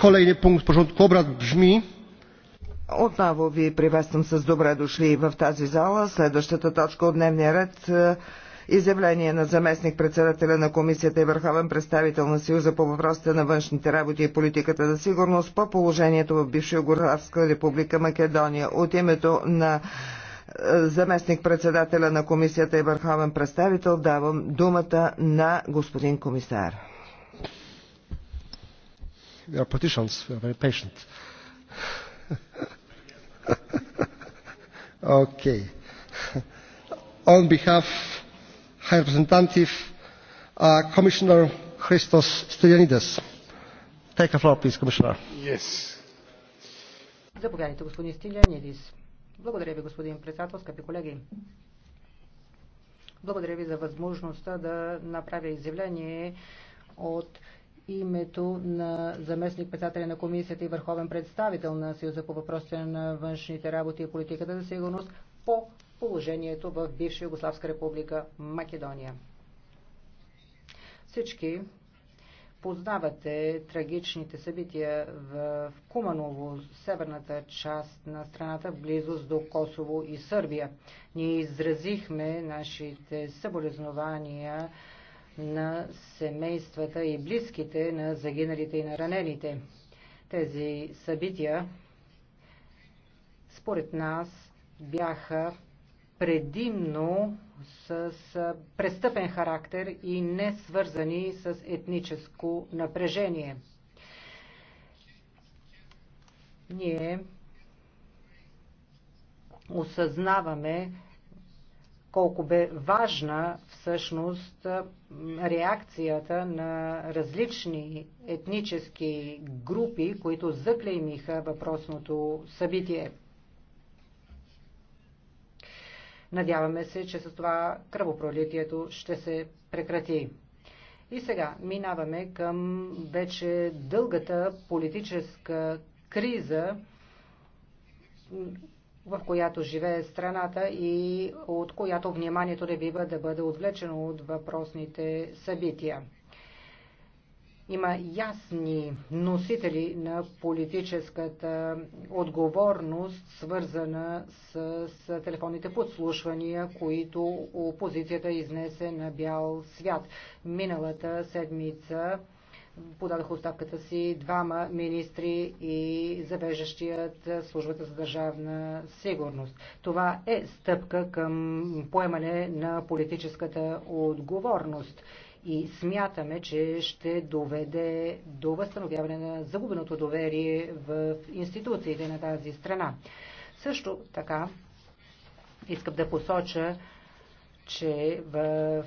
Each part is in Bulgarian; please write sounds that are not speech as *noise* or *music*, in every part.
kolejny punkt porządku obrad brzmi Отново ви приветствам с добре дошли в тази зала. Следващата точка от дневния ред е, изявление на заместник председателя на комисията и върховен представител на Съюза по въпросите на външните работи и политиката за сигурност по положението в бивша Югославска република Македония. От името на е, заместник председателя на комисията и върховен представител давам думата на господин комисар. We are politicians. We are very patient. okay. On behalf High Representative uh, Commissioner Christos Stylianides. Take the floor, please, Commissioner. Yes. Заповядайте, господин Стилянидис. Благодаря ви, господин председател, скъпи колеги. Благодаря ви за възможността да направя изявление от името на заместник председателя на комисията и върховен представител на Съюза по въпросите на външните работи и политиката за сигурност по положението в бивша Югославска република Македония. Всички познавате трагичните събития в Куманово, северната част на страната, в близост до Косово и Сърбия. Ние изразихме нашите съболезнования на семействата и близките на загиналите и на ранените. Тези събития, според нас, бяха предимно с престъпен характер и не свързани с етническо напрежение. Ние осъзнаваме колко бе важна всъщност реакцията на различни етнически групи, които заклеймиха въпросното събитие. Надяваме се, че с това кръвопролитието ще се прекрати. И сега минаваме към вече дългата политическа криза, в която живее страната и от която вниманието не бива да бъде отвлечено от въпросните събития. Има ясни носители на политическата отговорност, свързана с, с телефонните подслушвания, които опозицията изнесе на бял свят. Миналата седмица подадоха оставката си двама министри и завеждащият службата за държавна сигурност. Това е стъпка към поемане на политическата отговорност и смятаме, че ще доведе до възстановяване на загубеното доверие в институциите на тази страна. Също така искам да посоча, че в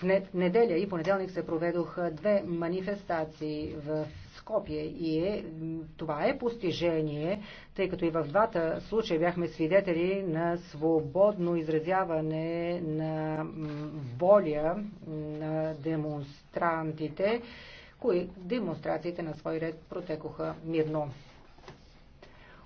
в неделя и понеделник се проведоха две манифестации в Скопие и е, това е постижение, тъй като и в двата случая бяхме свидетели на свободно изразяване на воля на демонстрантите, кои демонстрациите на свой ред протекоха мирно.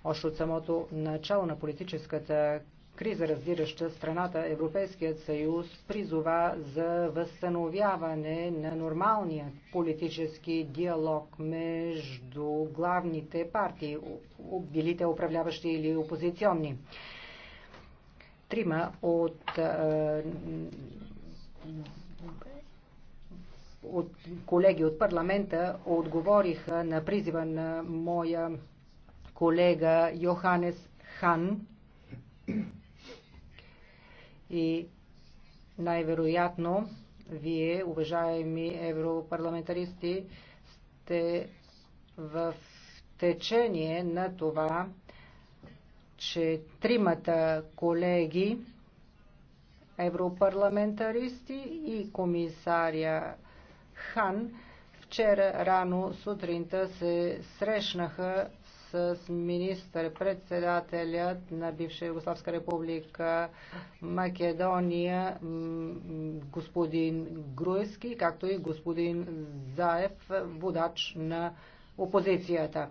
Още от самото начало на политическата криза, раздираща страната, Европейският съюз призова за възстановяване на нормалния политически диалог между главните партии, билите управляващи или опозиционни. Трима от от колеги от парламента отговориха на призива на моя колега Йоханес Хан и най-вероятно вие, уважаеми европарламентаристи, сте в течение на това, че тримата колеги, европарламентаристи и комисаря Хан, вчера рано сутринта се срещнаха с министър-председателят на бивша Югославска република Македония господин Груевски, както и господин Заев, водач на опозицията.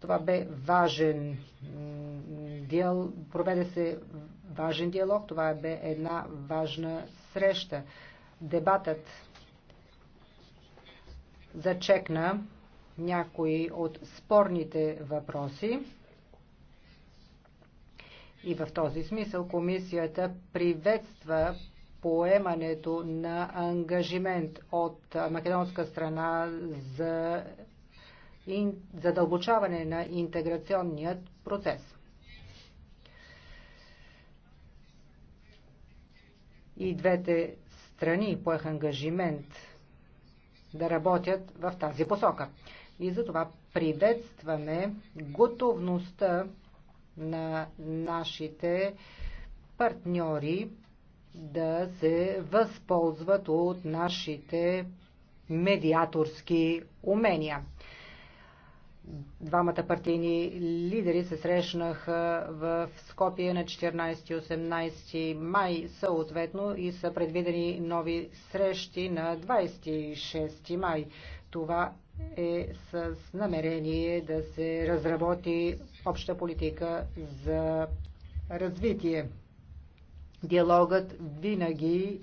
Това бе важен диал, проведе се важен диалог, това бе една важна среща. Дебатът зачекна някои от спорните въпроси. И в този смисъл комисията приветства поемането на ангажимент от македонска страна за задълбочаване на интеграционният процес. И двете страни поеха ангажимент да работят в тази посока. И затова приветстваме готовността на нашите партньори да се възползват от нашите медиаторски умения. Двамата партийни лидери се срещнаха в Скопия на 14-18 май съответно и са предвидени нови срещи на 26 май. Това е с намерение да се разработи обща политика за развитие. Диалогът винаги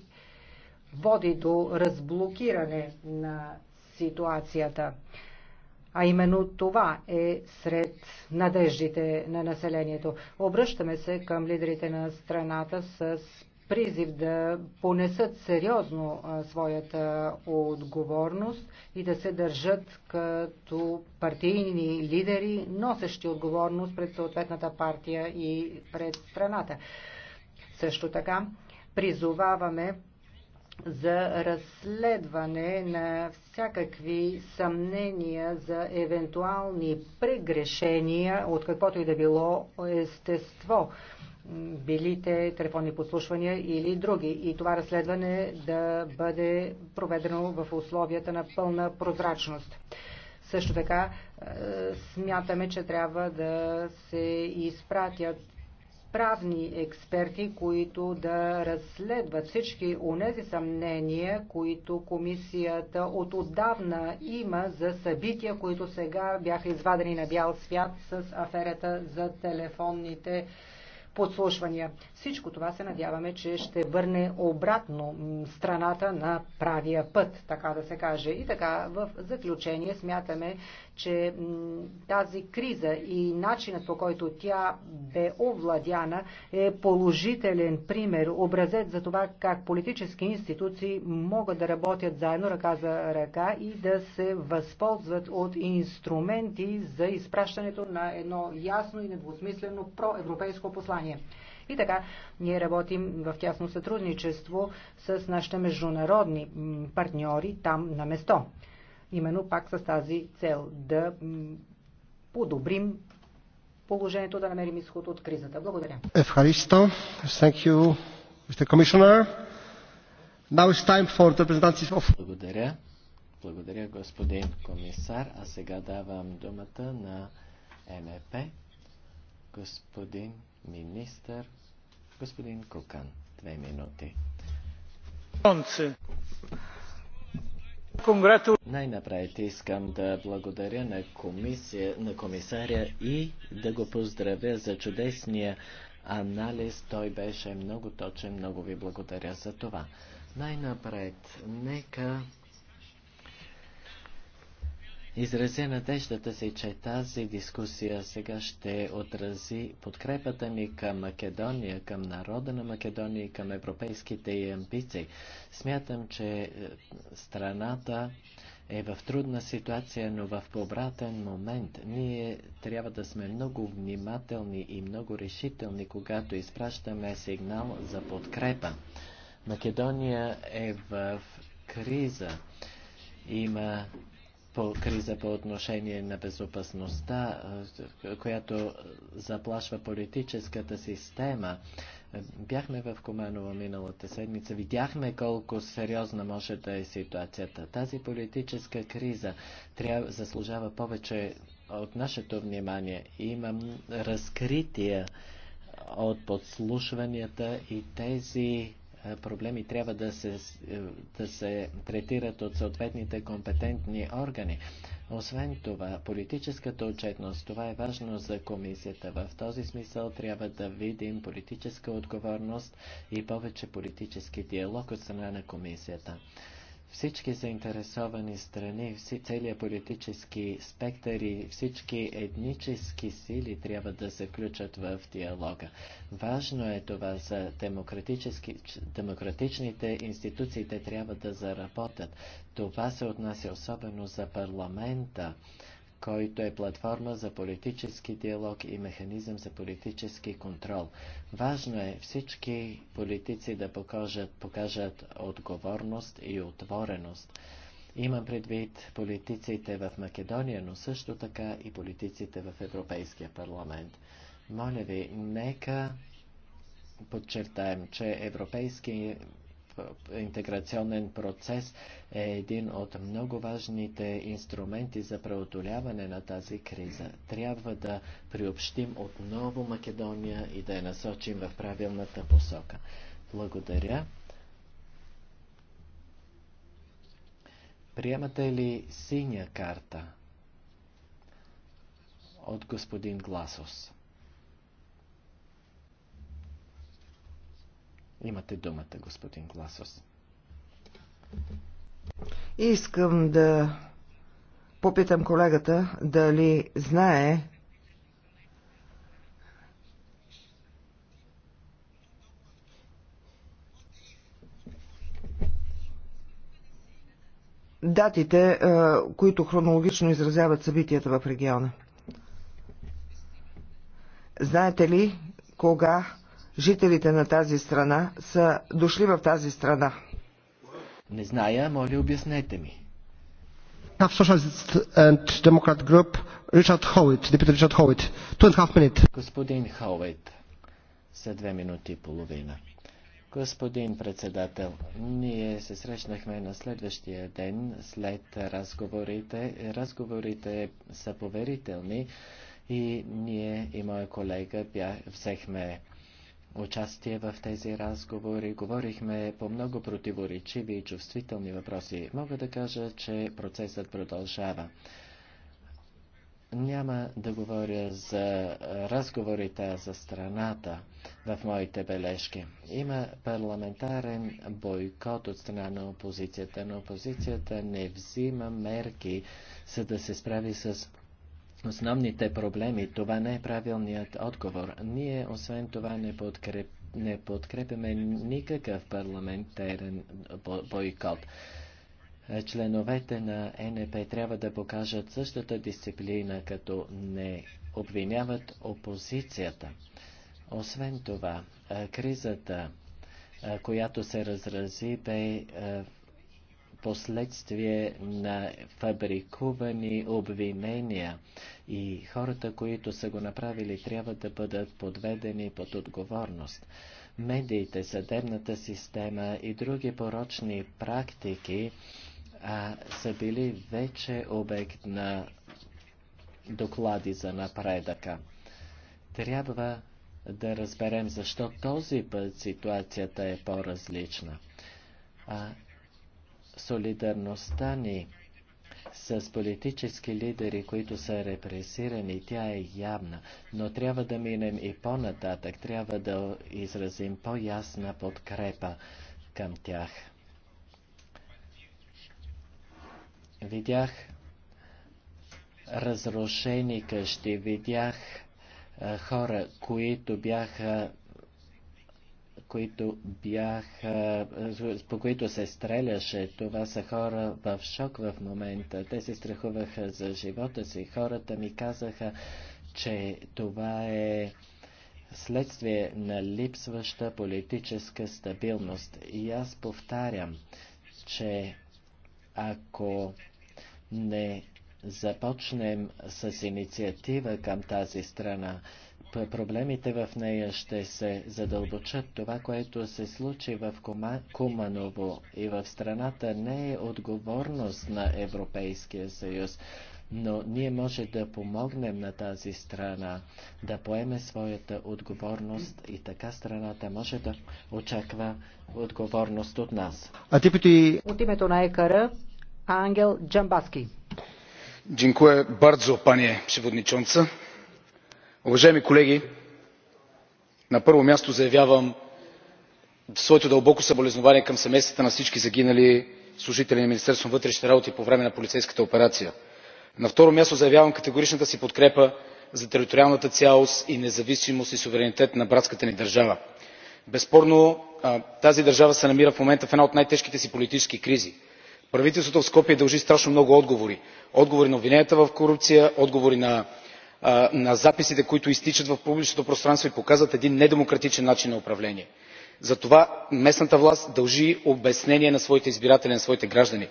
води до разблокиране на ситуацията. А именно това е сред надеждите на населението. Обръщаме се към лидерите на страната с призив да понесат сериозно своята отговорност и да се държат като партийни лидери, носещи отговорност пред съответната партия и пред страната. Също така призоваваме за разследване на всякакви съмнения за евентуални прегрешения от каквото и да било естество билите телефонни подслушвания или други. И това разследване да бъде проведено в условията на пълна прозрачност. Също така е, смятаме, че трябва да се изпратят правни експерти, които да разследват всички унези съмнения, които комисията от отдавна има за събития, които сега бяха извадени на бял свят с аферата за телефонните подслушвания. Всичко това се надяваме, че ще върне обратно страната на правия път, така да се каже. И така, в заключение смятаме, че тази криза и начинът по който тя бе овладяна е положителен пример, образец за това как политически институции могат да работят заедно ръка за ръка и да се възползват от инструменти за изпращането на едно ясно и недвусмислено проевропейско послание. И така, ние работим в тясно сътрудничество с нашите международни партньори там на место именно пак с тази цел да подобрим положението, да намерим изход от кризата. Благодаря. Евхаристо, thank you, Mr. Commissioner. Now it's time for the presentation of... Благодаря. Благодаря, господин комисар. А сега давам думата на МЕП, господин министър, господин Кокан. Две минути. Най-напред искам да благодаря на, комисия, на комисаря и да го поздравя за чудесния анализ. Той беше много точен. Много ви благодаря за това. Най-напред, нека изразя надеждата си, че тази дискусия сега ще отрази подкрепата ми към Македония, към народа на Македония и към европейските и амбиции. Смятам, че е, страната е в трудна ситуация, но в обратен момент ние трябва да сме много внимателни и много решителни, когато изпращаме сигнал за подкрепа. Македония е в криза. Има по криза по отношение на безопасността, която заплашва политическата система. Бяхме в Куманово миналата седмица, видяхме колко сериозна може да е ситуацията. Тази политическа криза трябва, заслужава повече от нашето внимание. Имам разкрития от подслушванията и тези е, проблеми трябва да се, е, да се третират от съответните компетентни органи. Освен това, политическата отчетност, това е важно за комисията. В този смисъл трябва да видим политическа отговорност и повече политически диалог от страна на комисията всички заинтересовани страни, целият политически спектър и всички етнически сили трябва да се включат в диалога. Важно е това за демократичните институции, те трябва да заработят. Това се отнася особено за парламента който е платформа за политически диалог и механизъм за политически контрол. Важно е всички политици да покажат, покажат отговорност и отвореност. Имам предвид политиците в Македония, но също така и политиците в Европейския парламент. Моля ви, нека подчертаем, че Европейския интеграционен процес е един от много важните инструменти за преодоляване на тази криза. Трябва да приобщим отново Македония и да я насочим в правилната посока. Благодаря. Приемате ли синя карта от господин Гласос? Имате думата, господин Гласос. Искам да попитам колегата дали знае датите, които хронологично изразяват събитията в региона. Знаете ли кога жителите на тази страна са дошли в тази страна? Не зная, моля обяснете ми. Two and a half minutes. Господин Хоуит, за две минути и половина. Господин председател, ние се срещнахме на следващия ден след разговорите. Разговорите са поверителни и ние и моя колега взехме участие в тези разговори. Говорихме по много противоречиви и чувствителни въпроси. Мога да кажа, че процесът продължава. Няма да говоря за разговорите за страната в моите бележки. Има парламентарен бойкот от страна на опозицията, но опозицията не взима мерки, за да се справи с основните проблеми. Това не е правилният отговор. Ние, освен това, не, подкреп, не подкрепяме никакъв парламентарен бойкот. Членовете на НП трябва да покажат същата дисциплина, като не обвиняват опозицията. Освен това, кризата, която се разрази, бе последствие на фабрикувани обвинения и хората, които са го направили, трябва да бъдат подведени под отговорност. Медиите, съдебната система и други порочни практики а, са били вече обект на доклади за напредъка. Трябва да разберем защо този път ситуацията е по-различна. А солидарността ни с политически лидери, които са репресирани, тя е явна. Но трябва да минем и по-нататък, трябва да изразим по-ясна подкрепа към тях. Видях разрушени къщи, видях хора, които бяха които бяха, по които се стреляше. Това са хора в шок в момента. Те се страхуваха за живота си. Хората ми казаха, че това е следствие на липсваща политическа стабилност. И аз повтарям, че ако не започнем с инициатива към тази страна, проблемите в нея ще се задълбочат. Това, което се случи в Кума, Куманово и в страната, не е отговорност на Европейския съюз, но ние може да помогнем на тази страна да поеме своята отговорност и така страната може да очаква отговорност от нас. А ти пъти... От името на ЕКР Ангел Джамбаски. Dziękuję бардзо, panie Шеводничонца уважаеми колеги на първо място заявявам своето дълбоко съболезнование към семействата на всички загинали служители на министерството на вътрешните работи по време на полицейската операция. на второ място заявявам категоричната си подкрепа за териториалната цялост и независимост и суверенитет на братската ни държава. безспорно тази държава се намира в момента в една от най тежките си политически кризи. правителството в скопие дължи страшно много отговори отговори на обвиненията в корупция отговори на на записите които изтичат в публичното пространство и показват един недемократичен начин на управление. затова местната власт дължи обяснение на своите избиратели на своите граждани.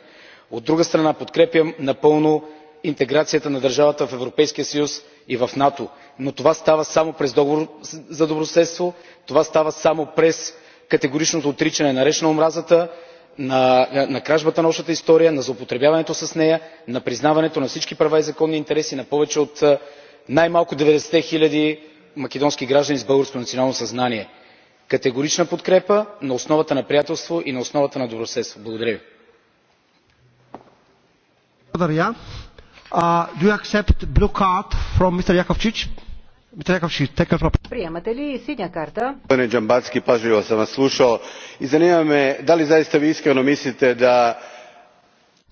от друга страна подкрепям напълно интеграцията на държавата в европейския съюз и в нато но това става само през договор за добросъседство това става само през категоричното отричане на реч на омразата на кражбата на общата история на злоупотребяването с нея на признаването на всички права и законни интереси на повече от най малко деветдесетте хиляди македонски граждани с българско национално съзнание. категорична подкрепа на основата на приятелство и на основата на добросъседство. благодаря ви. приемате ли синя карта? gospodine Джамбацки, pažljivo съм вас слушал и zanima me da li zaista vi iskreno mislite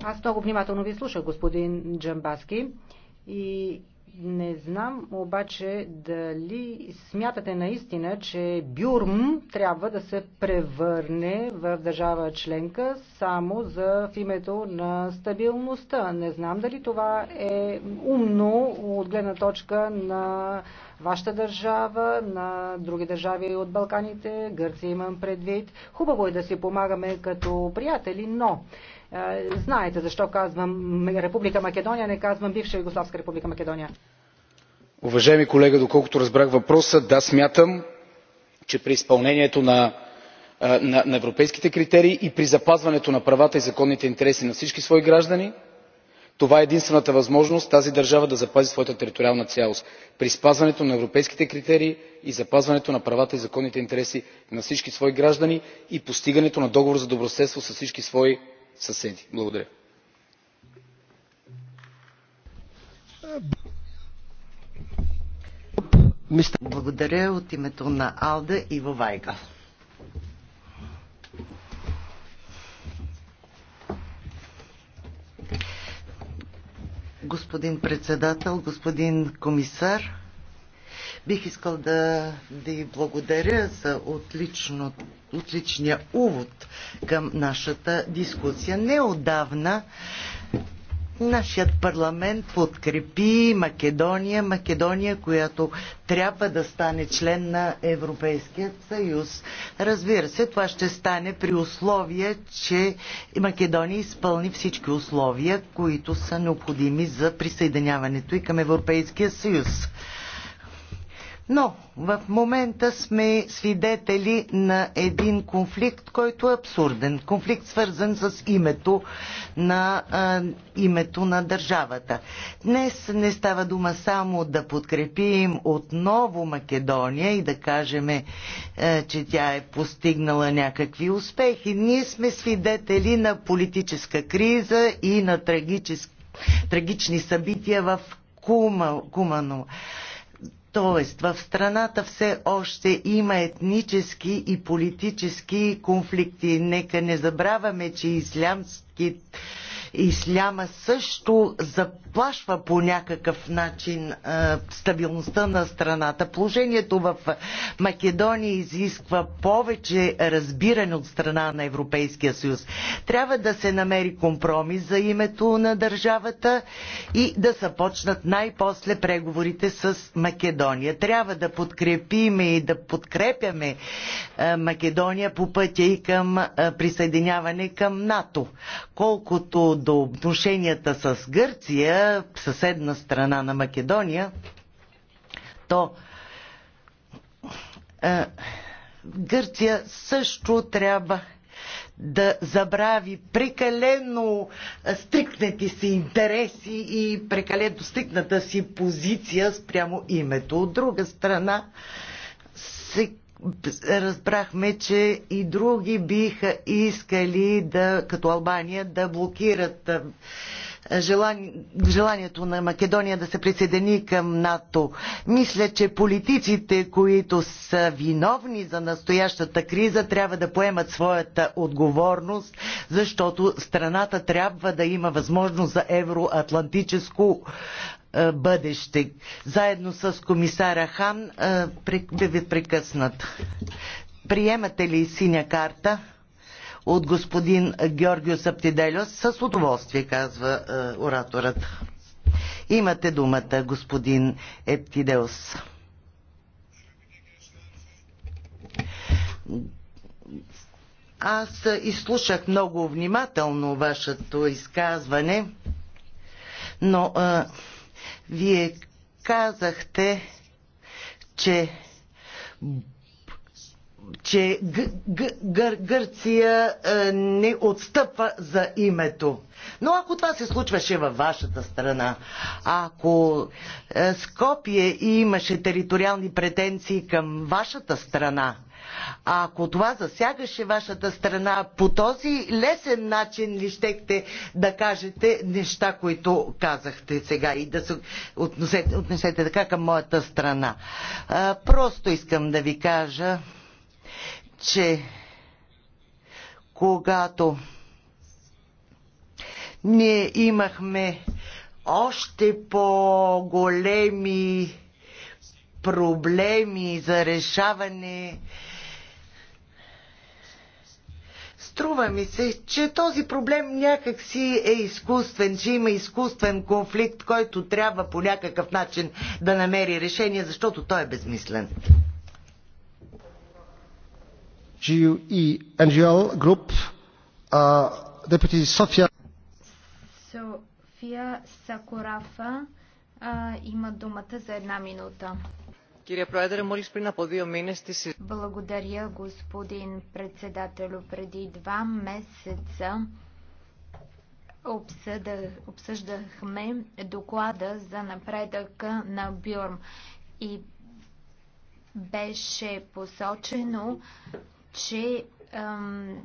аз много внимателно ви слушах, господин Джамбацки. и не знам обаче дали смятате наистина, че Бюрм трябва да се превърне в държава членка само за в името на стабилността. Не знам дали това е умно от гледна точка на вашата държава, на други държави от Балканите, Гърция имам предвид. Хубаво е да си помагаме като приятели, но е, знаете защо казвам Република Македония, не казвам бивша Югославска република Македония. Уважаеми колега, доколкото разбрах въпроса, да, смятам, че при изпълнението на, е, на, на европейските критерии и при запазването на правата и законните интереси на всички свои граждани, това е единствената възможност тази държава да запази своята териториална цялост при спазването на европейските критерии и запазването на правата и законните интереси на всички свои граждани и постигането на договор за добросъседство с всички свои съседи. благодаря. Благодаря от името на Алда и Вайга. Господин председател, господин комисар, Бих искал да, да ви благодаря за отлично, отличния увод към нашата дискусия. Неодавна Нашият парламент подкрепи Македония, Македония, която трябва да стане член на Европейският съюз. Разбира се, това ще стане при условие, че Македония изпълни всички условия, които са необходими за присъединяването и към Европейския съюз. Но в момента сме свидетели на един конфликт, който е абсурден. Конфликт свързан с името на, а, името на държавата. Днес не става дума само да подкрепим отново Македония и да кажем, а, е, че тя е постигнала някакви успехи. Ние сме свидетели на политическа криза и на трагически трагични събития в Кума, Тоест, в страната все още има етнически и политически конфликти. Нека не забравяме, че ислямските Исляма също заплашва по някакъв начин стабилността на страната. Положението в Македония изисква повече разбиране от страна на Европейския съюз. Трябва да се намери компромис за името на държавата и да започнат най-после преговорите с Македония. Трябва да подкрепим и да подкрепяме Македония по пътя и към присъединяване към НАТО. Колкото до отношенията с Гърция, съседна страна на Македония, то е, Гърция също трябва да забрави прекалено е, стрикнати си интереси и прекалено стрикната си позиция спрямо името. От друга страна, се разбрахме, че и други биха искали да, като Албания, да блокират желани, желанието на Македония да се присъедини към НАТО. Мисля, че политиците, които са виновни за настоящата криза, трябва да поемат своята отговорност, защото страната трябва да има възможност за евроатлантическо е, бъдеще. Заедно с комисара Хан е, да ви прекъснат. Приемате ли синя карта от господин Георгио Саптиделос? С удоволствие, казва е, ораторът. Имате думата, господин Ептидеус. Аз изслушах много внимателно вашето изказване, но а, вие казахте, че че Г- Г- Гър- Гърция е, не отстъпва за името. Но ако това се случваше във вашата страна, ако е, Скопие имаше териториални претенции към вашата страна, а ако това засягаше вашата страна, по този лесен начин ли щехте да кажете неща, които казахте сега и да се отнесете, отнесете така към моята страна? А, е, просто искам да ви кажа, че когато ние имахме още по-големи проблеми за решаване. Струва ми се, че този проблем някакси е изкуствен, че има изкуствен конфликт, който трябва по някакъв начин да намери решение, защото той е безмислен. GUE NGL Group, uh, Deputy Sofia. София Сакорафа uh, има думата за една минута. Благодаря, господин председателю. Преди два месеца обсъждахме доклада за напредъка на Бюрм и беше посочено, че ам,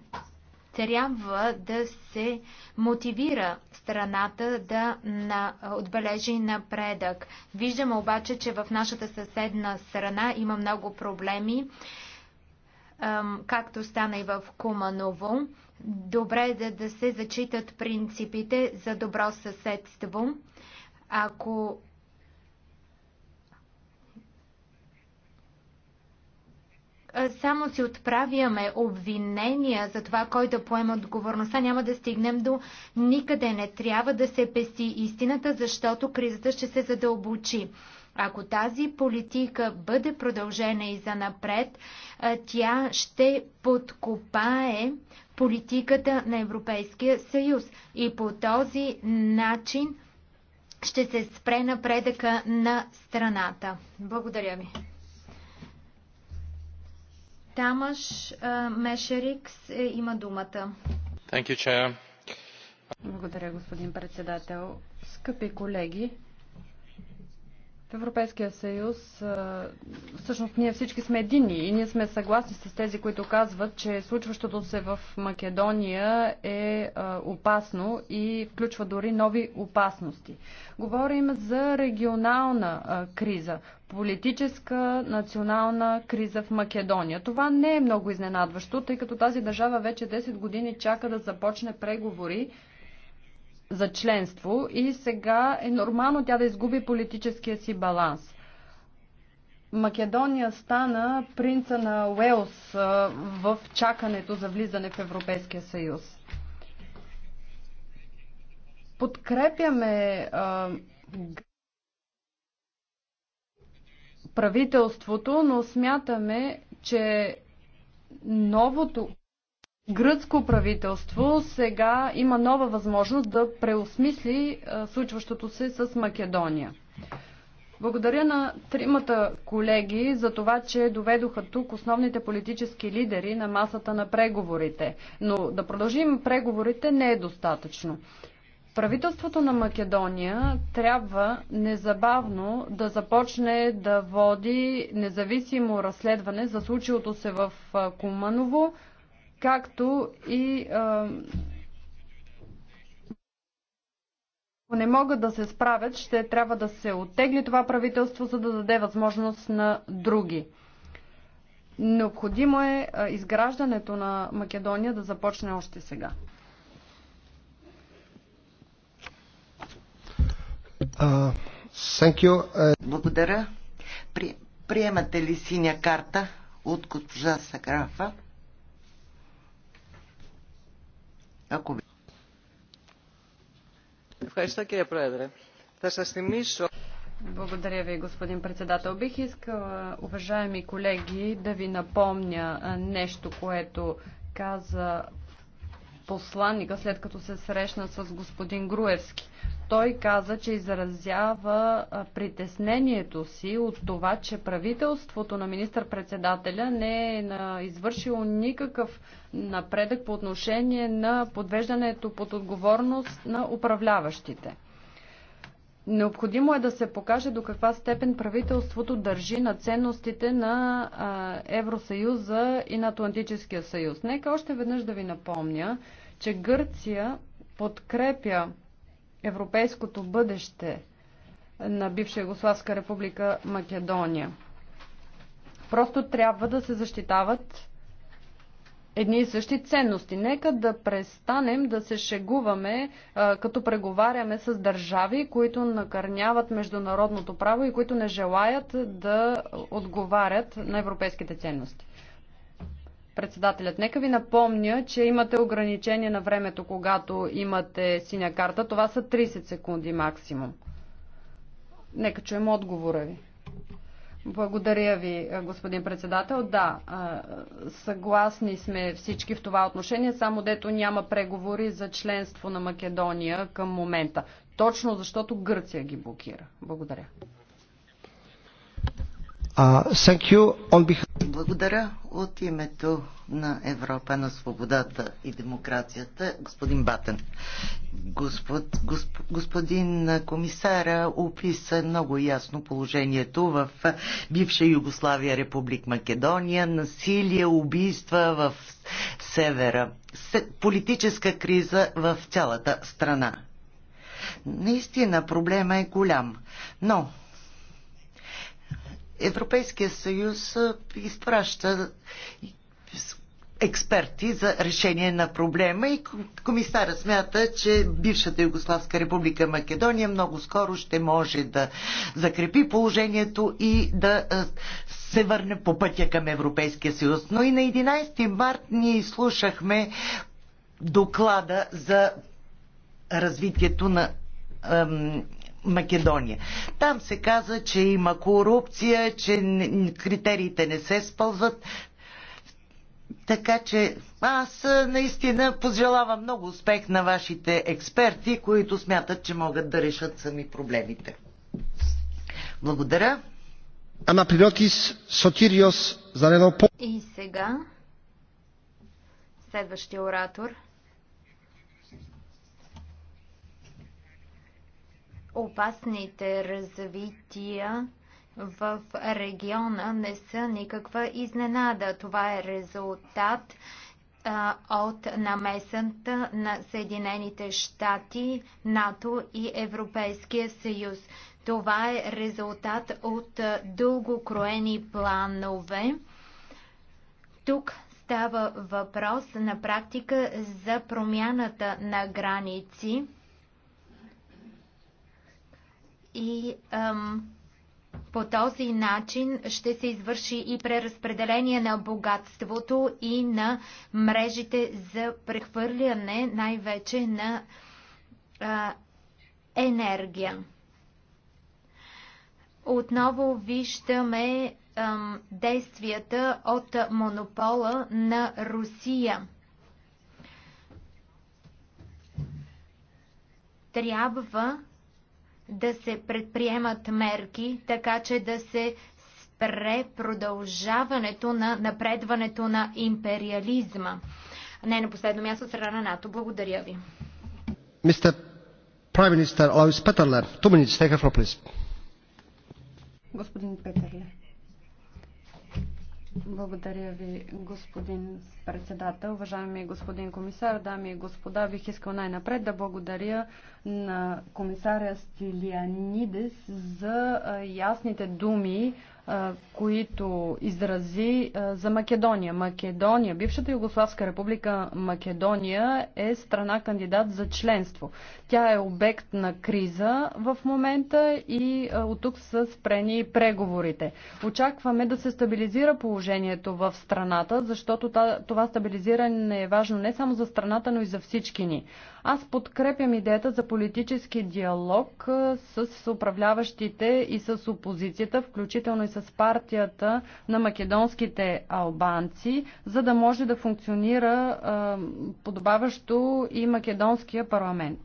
трябва да се мотивира страната да на, отбележи напредък. Виждаме обаче, че в нашата съседна страна има много проблеми, ам, както стана и в Куманово. Добре е да, да се зачитат принципите за добро съседство. Ако Е, само си отправяме обвинения за това, кой да поема отговорността, няма да стигнем до никъде. Не трябва да се пести истината, защото кризата ще се задълбочи. Ако тази политика бъде продължена и за напред, е, тя ще подкопае политиката на Европейския съюз и по този начин ще се спре напредъка на страната. Благодаря ви. Тамаш Мешерикс е, има думата. Thank you, Chair. Благодаря, господин председател. Скъпи колеги, в Европейския съюз всъщност ние всички сме едини и ние сме съгласни с тези, които казват, че случващото се в Македония е опасно и включва дори нови опасности. Говорим за регионална криза, политическа национална криза в Македония. Това не е много изненадващо, тъй като тази държава вече 10 години чака да започне преговори за членство и сега е нормално тя да изгуби политическия си баланс. Македония стана принца на Уелс в чакането за влизане в Европейския съюз. Подкрепяме правителството, но смятаме, че новото гръцко правителство сега има нова възможност да преосмисли случващото се с Македония. Благодаря на тримата колеги за това, че доведоха тук основните политически лидери на масата на преговорите. Но да продължим преговорите не е достатъчно. Правителството на Македония трябва незабавно да започне да води независимо разследване за случилото се в Куманово, както и ако не могат да се справят, ще трябва да се оттегли това правителство, за да даде възможност на други. Необходимо е изграждането на Македония да започне още сега. Uh, uh... Благодаря. При, приемате ли синя карта от госпожа Саграфа? Благодаря ви, господин председател. Бих искала, уважаеми колеги, да ви напомня нещо, което каза посланника, след като се срещна с господин Груевски. Той каза, че изразява притеснението си от това, че правителството на министър-председателя не е извършило никакъв напредък по отношение на подвеждането под отговорност на управляващите. Необходимо е да се покаже до каква степен правителството държи на ценностите на Евросъюза и на Атлантическия съюз. Нека още веднъж да ви напомня, че Гърция подкрепя европейското бъдеще на бивша Югославска република Македония. Просто трябва да се защитават едни и същи ценности. Нека да престанем да се шегуваме, като преговаряме с държави, които накърняват международното право и които не желаят да отговарят на европейските ценности. Председателят, нека ви напомня, че имате ограничение на времето, когато имате синя карта. Това са 30 секунди максимум. Нека чуем отговора ви. Благодаря ви, господин председател. Да, съгласни сме всички в това отношение, само дето няма преговори за членство на Македония към момента. Точно защото Гърция ги блокира. Благодаря. Благодаря от името на Европа на свободата и демокрацията, господин Батен. Господ, госп, господин комисара описа много ясно положението в бивша Югославия, Републик Македония, насилие, убийства в севера, политическа криза в цялата страна. Наистина проблема е голям, но Европейския съюз изпраща експерти за решение на проблема и комисара смята, че бившата Югославска република Македония много скоро ще може да закрепи положението и да се върне по пътя към Европейския съюз. Но и на 11 март ние слушахме доклада за развитието на Македония. Там се каза, че има корупция, че критериите не се спълзват. Така че аз наистина пожелавам много успех на вашите експерти, които смятат, че могат да решат сами проблемите. Благодаря. Анапринотис Сотириос за И сега следващия оратор – опасните развития в региона не са никаква изненада. Това е резултат от намесата на Съединените щати, НАТО и Европейския съюз. Това е резултат от дълго кроени планове. Тук става въпрос на практика за промяната на граници и ам, по този начин ще се извърши и преразпределение на богатството и на мрежите за прехвърляне, най-вече на а, енергия. Отново виждаме ам, действията от монопола на Русия. Трябва да се предприемат мерки, така че да се спре продължаването на напредването на империализма. Не на последно място страна на НАТО. Благодаря ви. Prime Minister minutes, take a floor, please. Господин Петърле. Благодаря ви, господин председател, уважаеми господин комисар, дами и господа. Бих искал най-напред да благодаря на комисаря Стилианидес за ясните думи, които изрази за Македония. Македония, бившата Югославска република Македония е страна кандидат за членство. Тя е обект на криза в момента и от тук са спрени преговорите. Очакваме да се стабилизира положението в страната, защото това стабилизиране е важно не само за страната, но и за всички ни. Аз подкрепям идеята за политически диалог с управляващите и с опозицията, включително и с партията на македонските албанци, за да може да функционира подобаващо и македонския парламент.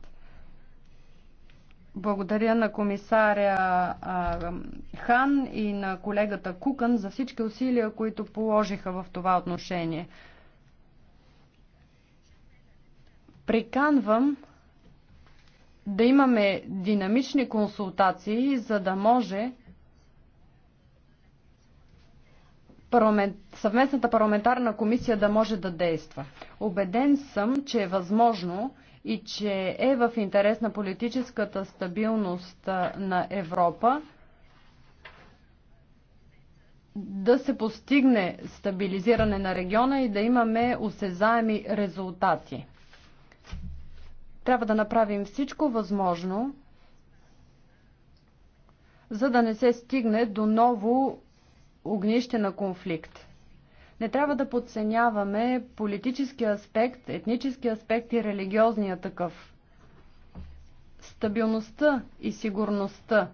Благодаря на комисаря Хан и на колегата Кукан за всички усилия, които положиха в това отношение. Приканвам да имаме динамични консултации, за да може парламент, съвместната парламентарна комисия да може да действа. Обеден съм, че е възможно и че е в интерес на политическата стабилност на Европа да се постигне стабилизиране на региона и да имаме осезаеми резултати. Трябва да направим всичко възможно, за да не се стигне до ново огнище на конфликт. Не трябва да подценяваме политически аспект, етнически аспект и религиозния такъв. Стабилността и сигурността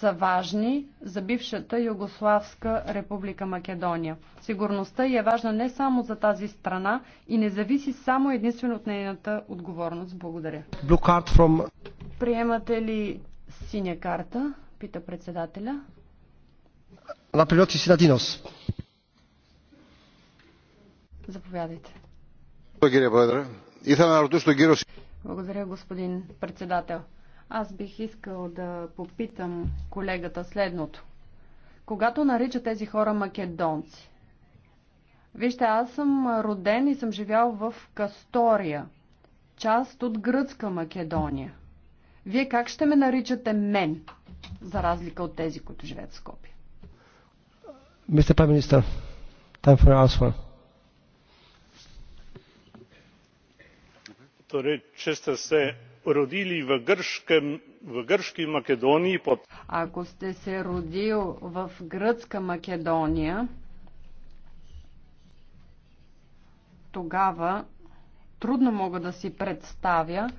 са важни за бившата Югославска република Македония. Сигурността е важна не само за тази страна и не зависи само единствено от нейната отговорност. Благодаря. From... Приемате ли синя карта? Пита председателя. La пилоти Синадинос. Заповядайте. Благодаря, господин председател. Аз бих искал да попитам колегата следното. Когато нарича тези хора македонци, вижте, аз съм роден и съм живял в Кастория, част от гръцка Македония. Вие как ще ме наричате мен, за разлика от тези, които живеят в Скопия? Мистер Prime time for answer. Torej, če ste se родили в, гръшкем, в гръшки Македонии под... Ако сте се родил в гръцка Македония, тогава трудно мога да си представя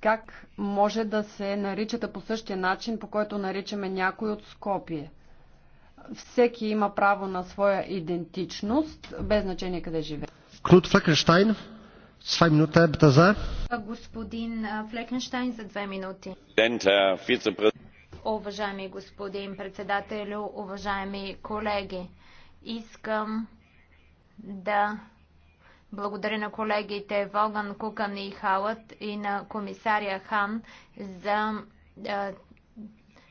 как може да се наричате по същия начин, по който наричаме някой от Скопие. Всеки има право на своя идентичност, без значение къде живее. Клуд Флекенштайн, Господин Флекенштайн за две минути. Уважаеми господин председателю, уважаеми колеги, искам да благодаря на колегите Воган, Кукан и Халът и на комисаря Хан за е,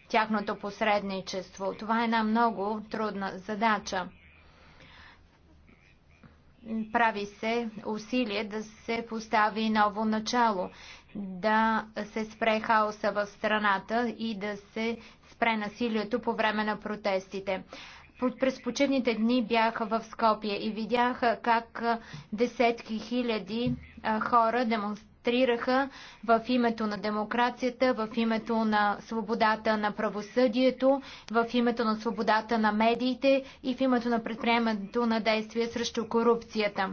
тяхното посредничество. Това е една много трудна задача прави се усилие да се постави ново начало, да се спре хаоса в страната и да се спре насилието по време на протестите. През почивните дни бях в Скопия и видях как десетки хиляди хора демонстрират демонстрираха в името на демокрацията, в името на свободата на правосъдието, в името на свободата на медиите и в името на предприемането на действия срещу корупцията.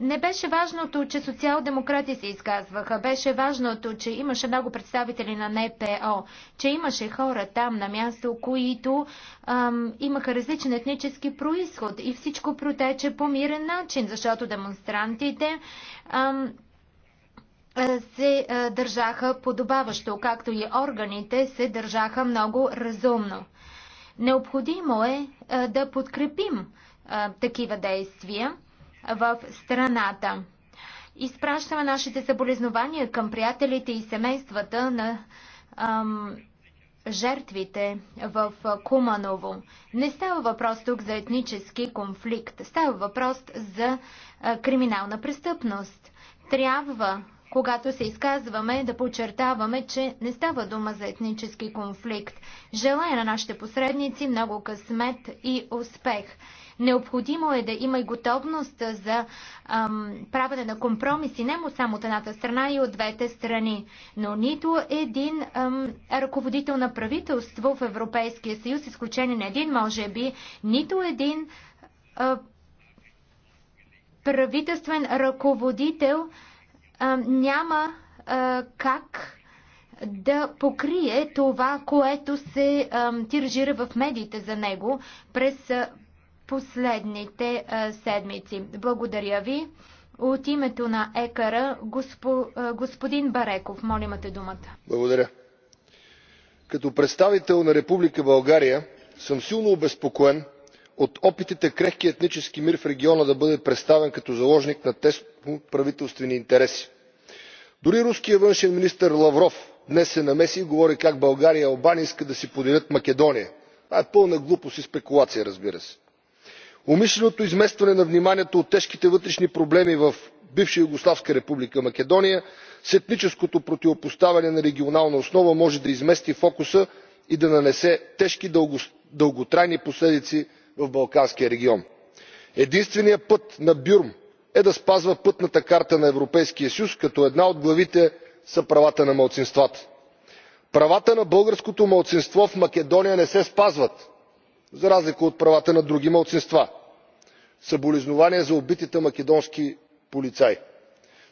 Не беше важното, че социал-демократи се изказваха. Беше важното, че имаше много представители на НПО, че имаше хора там на място, които ам, имаха различен етнически происход и всичко протече по мирен начин, защото демонстрантите ам, се а, държаха подобаващо, както и органите се държаха много разумно. Необходимо е а, да подкрепим а, такива действия в страната. Изпращаме нашите съболезнования към приятелите и семействата на ам, жертвите в Куманово. Не става въпрос тук за етнически конфликт, става въпрос за а, криминална престъпност. Трябва, когато се изказваме, да подчертаваме, че не става дума за етнически конфликт. Желая на нашите посредници много късмет и успех. Необходимо е да има и готовност за ам, правене на компромиси не само от едната страна и от двете страни. Но нито един ам, ръководител на правителство в Европейския съюз, изключение на един, може би, нито един ам, правителствен ръководител ам, няма ам, как да покрие това, което се тиржира тиражира в медиите за него през последните а, седмици. Благодаря ви. От името на ЕКАРА, госпо, а, господин Бареков, моля имате думата. Благодаря. Като представител на Република България съм силно обезпокоен от опитите крехки етнически мир в региона да бъде представен като заложник на тесно правителствени интереси. Дори руският външен министр Лавров днес се намеси и говори как България и Албания искат да си поделят Македония. Това е пълна глупост и спекулация, разбира се умишленото изместване на вниманието от тежките вътрешни проблеми в бивша югославска република македония с етническото противопоставяне на регионална основа може да измести фокуса и да нанесе тежки дълготрайни последици в балканския регион. единственият път на бюрм е да спазва пътната карта на европейския съюз като една от главите са правата на малцинствата. правата на българското малцинство в македония не се спазват за разлика от правата на други малцинства. съболезнования за убитите македонски полицаи!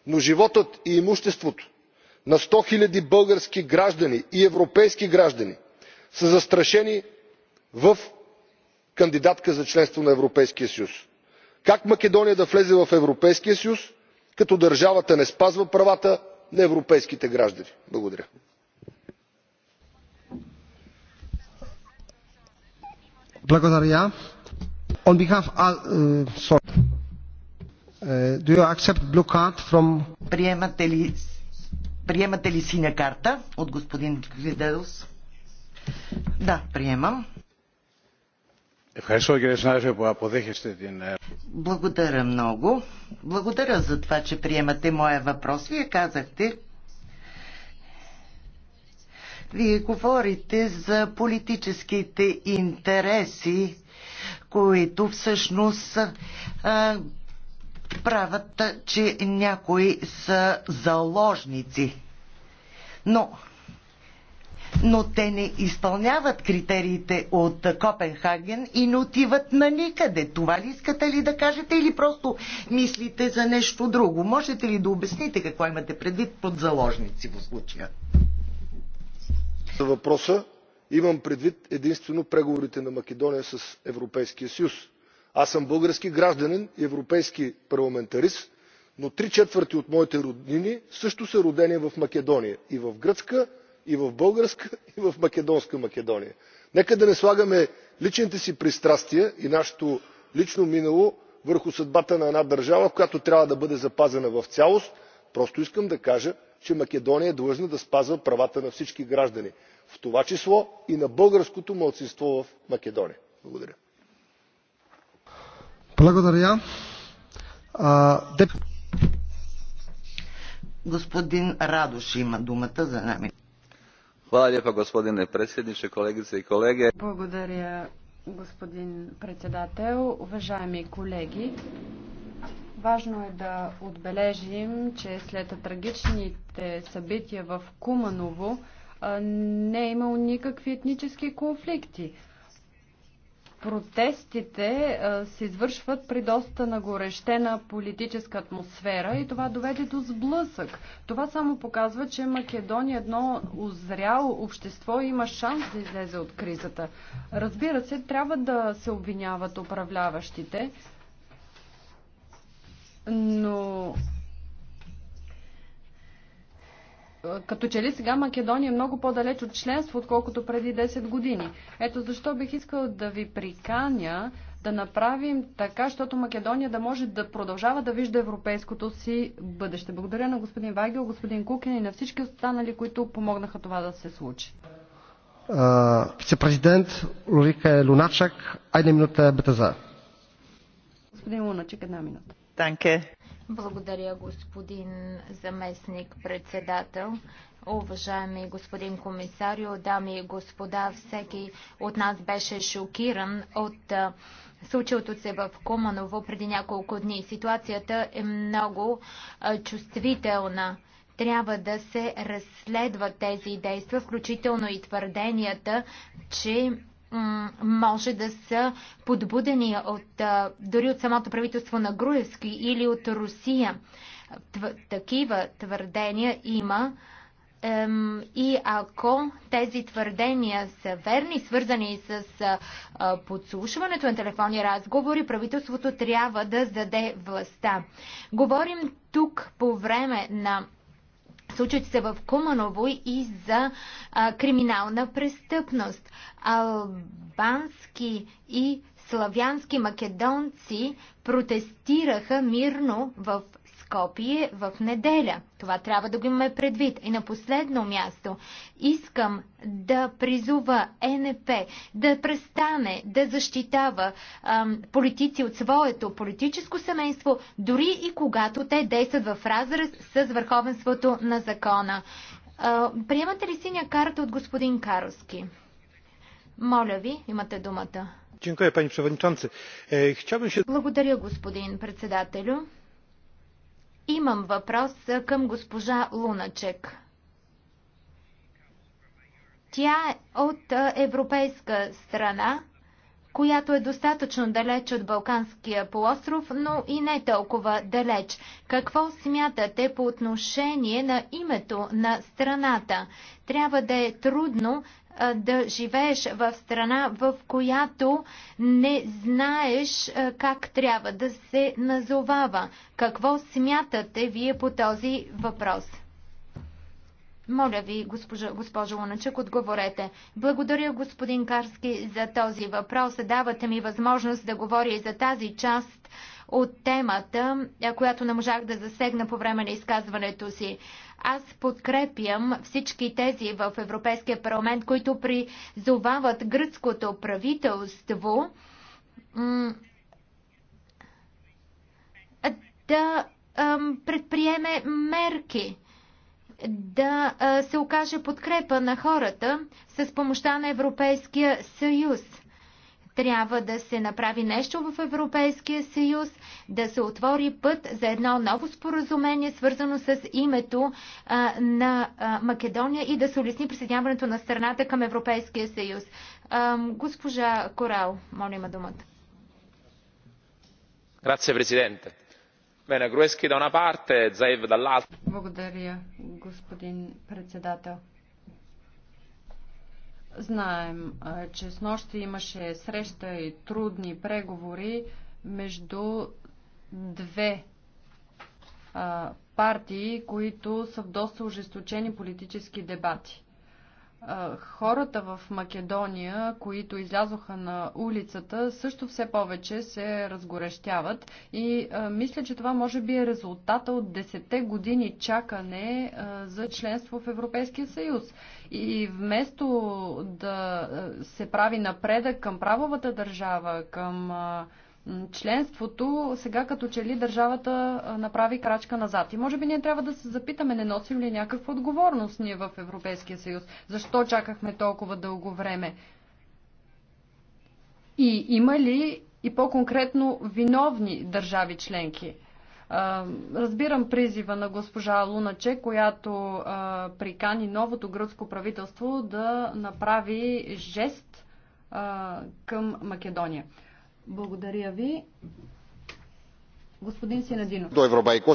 но животът и имуществото на сто хиляди български граждани и европейски граждани са застрашени в кандидатка за членство на европейския съюз. как македония да влезе в европейския съюз като държавата не спазва правата на европейските граждани? благодаря. On behalf of, uh, sorry. Uh, do you accept blue card from... Приемате ли, приемате ли синя карта от господин Гвиделс? Да, приемам. Благодаря много. Благодаря за това, че приемате моя въпрос. Вие казахте, вие говорите за политическите интереси, които всъщност а, правят, че някои са заложници. Но но те не изпълняват критериите от Копенхаген и не отиват на никъде. Това ли искате ли да кажете или просто мислите за нещо друго? Можете ли да обясните какво имате предвид под заложници в случая? за въпроса. имам предвид единствено преговорите на македония с европейския съюз. аз съм български гражданин и европейски парламентарист но три четвърти от моите роднини също са родени в македония и в гръцка и в българска и в македонска македония. нека да не слагаме личните си пристрастия и нашето лично минало върху съдбата на една държава която трябва да бъде запазена в цялост. просто искам да кажа че македония е длъжна да спазва правата на всички граждани в това число и на българското малцинство в македония. благодаря. Господин gospodine predsjedniče kolegice i kolege благодаря господин председател уважаеми колеги Важно е да отбележим, че след трагичните събития в Куманово не е имало никакви етнически конфликти. Протестите се извършват при доста нагорещена политическа атмосфера и това доведе до сблъсък. Това само показва, че Македония е едно озряло общество има шанс да излезе от кризата. Разбира се, трябва да се обвиняват управляващите, но като че ли сега Македония е много по-далеч от членство, отколкото преди 10 години. Ето защо бих искал да ви приканя да направим така, защото Македония да може да продължава да вижда европейското си бъдеще. Благодаря на господин Вагел, господин Кукин и на всички останали, които помогнаха това да се случи. Вице-президент Лорика Луначак, айде минута БТЗ. Господин Луначак, една минута. Данке. Благодаря, господин заместник председател. Уважаеми господин комисарио, дами и господа, всеки от нас беше шокиран от случилото се в Куманово преди няколко дни. Ситуацията е много чувствителна. Трябва да се разследват тези действия, включително и твърденията, че може да са подбудени от, дори от самото правителство на Груевски или от Русия. Такива твърдения има. И ако тези твърдения са верни, свързани с подслушването на телефонни разговори, правителството трябва да заде властта. Говорим тук по време на случат се в Куманово и за а, криминална престъпност. Албански и славянски македонци протестираха мирно в Скопие в неделя. Това трябва да го имаме предвид. И на последно място искам да призува НП да престане да защитава ам, политици от своето политическо семейство, дори и когато те действат в разрез с върховенството на закона. А, приемате ли синя карта от господин Каровски? Моля ви, имате думата. Е, Благодаря, господин председателю. Имам въпрос към госпожа Луначек. Тя е от европейска страна, която е достатъчно далеч от Балканския полуостров, но и не толкова далеч. Какво смятате по отношение на името на страната? Трябва да е трудно да живееш в страна, в която не знаеш как трябва да се назовава. Какво смятате вие по този въпрос? Моля ви, госпожа, госпожа Луначък, отговорете. Благодаря, господин Карски, за този въпрос. Давате ми възможност да говоря и за тази част от темата, която не можах да засегна по време на изказването си. Аз подкрепям всички тези в Европейския парламент, които призовават гръцкото правителство да предприеме мерки да се окаже подкрепа на хората с помощта на Европейския съюз. Трябва да се направи нещо в Европейския съюз, да се отвори път за едно ново споразумение, свързано с името а, на а, Македония и да се улесни присъединяването на страната към Европейския съюз. А, госпожа Корал, моля има думата. Grazie Presidente. Bene, Grueschi da una parte, Zaev dall'altra. Благодаря, господин председател. Знаем, че с нощи имаше среща и трудни преговори между две партии, които са в доста ожесточени политически дебати хората в Македония, които излязоха на улицата, също все повече се разгорещяват и а, мисля, че това може би е резултата от десете години чакане а, за членство в Европейския съюз. И вместо да се прави напредък към правовата държава, към а, членството, сега като че ли държавата направи крачка назад. И може би ние трябва да се запитаме, не носим ли някаква отговорност ние в Европейския съюз? Защо чакахме толкова дълго време? И има ли и по-конкретно виновни държави членки? Разбирам призива на госпожа Луначе, която прикани новото гръцко правителство да направи жест към Македония. Благодаря ви. Господин Синадинов. До Европейко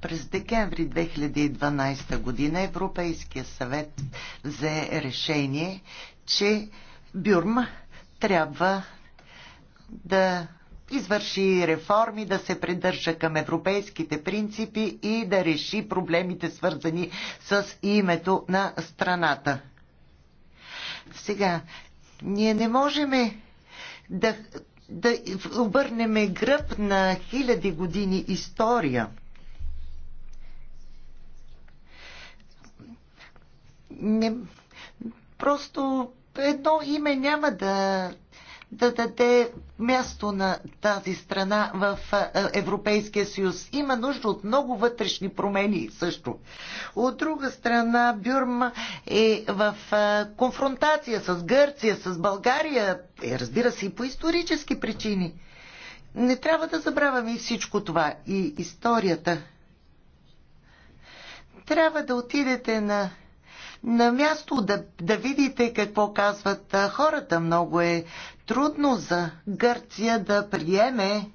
През декември 2012 година Европейския съвет взе решение, че Бюрма трябва да извърши реформи, да се придържа към европейските принципи и да реши проблемите свързани с името на страната. Сега, ние не можеме да, да обърнем гръб на хиляди години история. Не, просто едно име няма да да даде място на тази страна в Европейския съюз. Има нужда от много вътрешни промени също. От друга страна, Бюрма е в конфронтация с Гърция, с България, е, разбира се и по исторически причини. Не трябва да забравяме и всичко това, и историята. Трябва да отидете на на място да, да видите какво казват хората. Много е трудно за Гърция да приеме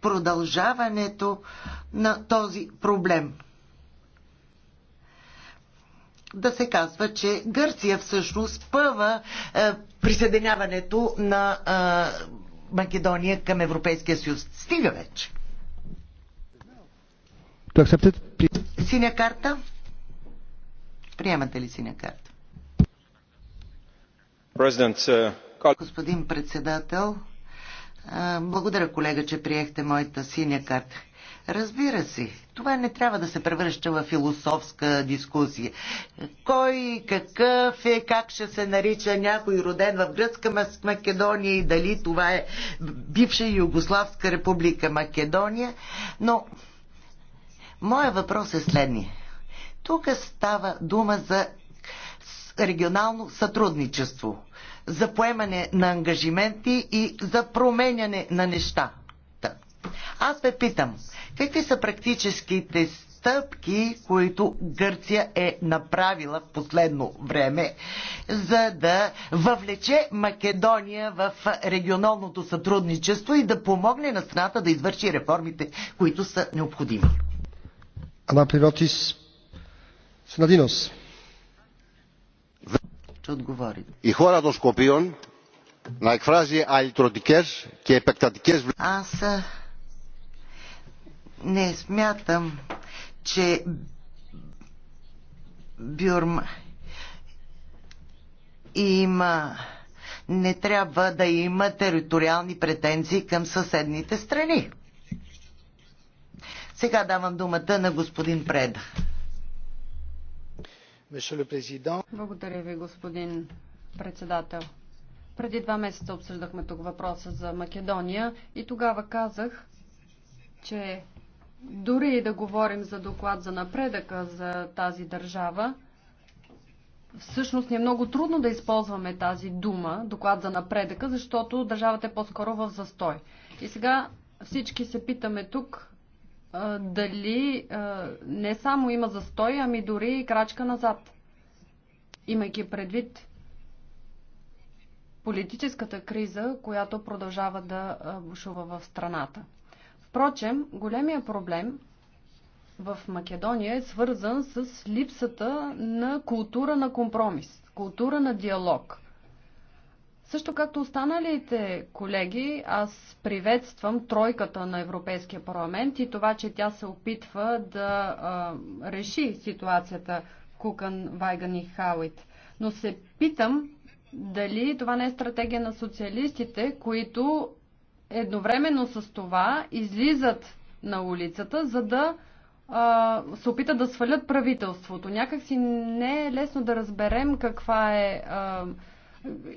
продължаването на този проблем. Да се казва, че Гърция всъщност пъва е, присъединяването на е, Македония към Европейския съюз. Стига вече. Синя карта? Приемате ли синя карта? Президент. uh... Господин председател, благодаря колега, че приехте моята синя карта. Разбира се, това не трябва да се превръща в философска дискусия. Кой, какъв е, как ще се нарича някой роден в Гръцка Македония и дали това е бивша Югославска република Македония. Но моя въпрос е следния. Тук става дума за регионално сътрудничество за поемане на ангажименти и за променяне на нещата. Аз ме питам, какви са практическите стъпки, които Гърция е направила в последно време, за да въвлече Македония в регионалното сътрудничество и да помогне на страната да извърши реформите, които са необходими. Ана Пиротис Снадинос ще отговори. И хората Скопион να εκφράζει αλυτρωτικές και επεκτατικές... Аз не смятам, че Бюрма има не трябва да има териториални претензии към съседните страни. Сега давам думата на господин Преда. Благодаря ви, господин председател. Преди два месеца обсъждахме тук въпроса за Македония и тогава казах, че дори и да говорим за доклад за напредъка за тази държава, всъщност ни е много трудно да използваме тази дума, доклад за напредъка, защото държавата е по-скоро в застой. И сега всички се питаме тук дали не само има застой, ами дори и крачка назад. Имайки предвид политическата криза, която продължава да бушува в страната. Впрочем, големия проблем в Македония е свързан с липсата на култура на компромис, култура на диалог – също както останалите колеги, аз приветствам тройката на Европейския парламент и това, че тя се опитва да а, реши ситуацията Кукън, Вайган и Хауит. Но се питам дали това не е стратегия на социалистите, които едновременно с това излизат на улицата, за да а, се опитат да свалят правителството. Някак си не е лесно да разберем каква е. А,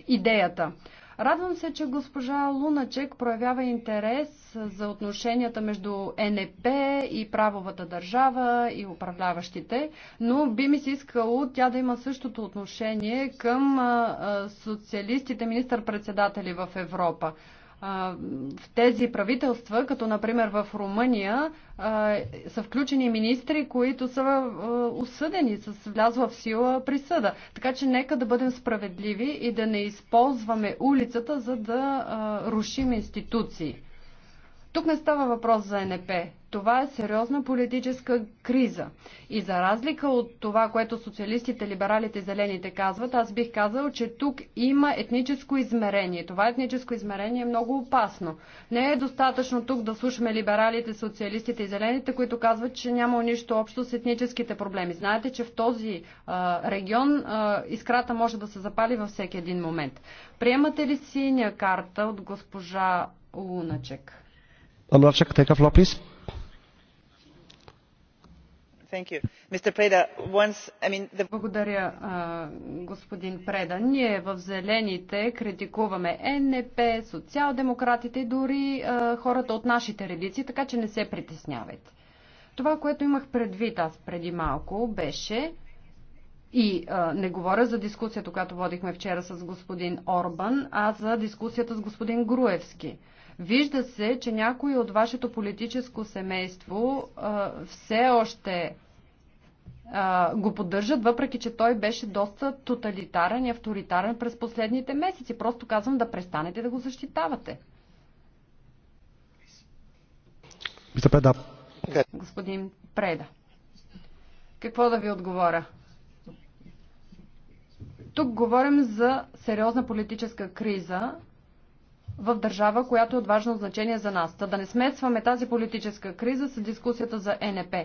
идеята. Радвам се, че госпожа Луначек проявява интерес за отношенията между НП и правовата държава и управляващите, но би ми се искало тя да има същото отношение към социалистите министър-председатели в Европа в тези правителства, като например в Румъния, са включени министри, които са осъдени с влязла в сила присъда. Така че нека да бъдем справедливи и да не използваме улицата, за да рушим институции. Тук не става въпрос за НП. Това е сериозна политическа криза. И за разлика от това, което социалистите, либералите и зелените казват, аз бих казал, че тук има етническо измерение. Това етническо измерение е много опасно. Не е достатъчно тук да слушаме либералите, социалистите и зелените, които казват, че няма нищо общо с етническите проблеми. Знаете, че в този а, регион а, искрата може да се запали във всеки един момент. Приемате ли синя карта от госпожа Луначек? Lunacek, take Благодаря, господин Преда. Ние в Зелените критикуваме НП, социал-демократите и дори хората от нашите редици, така че не се притеснявайте. Това, което имах предвид аз преди малко, беше и а, не говоря за дискусията, която водихме вчера с господин Орбан, а за дискусията с господин Груевски. Вижда се, че някои от вашето политическо семейство а, все още а, го поддържат, въпреки че той беше доста тоталитарен и авторитарен през последните месеци. Просто казвам да престанете да го защитавате. Господин Преда. Какво да ви отговоря? Тук говорим за сериозна политическа криза, в държава, която е от важно значение за нас. Та да не смесваме тази политическа криза с дискусията за НП.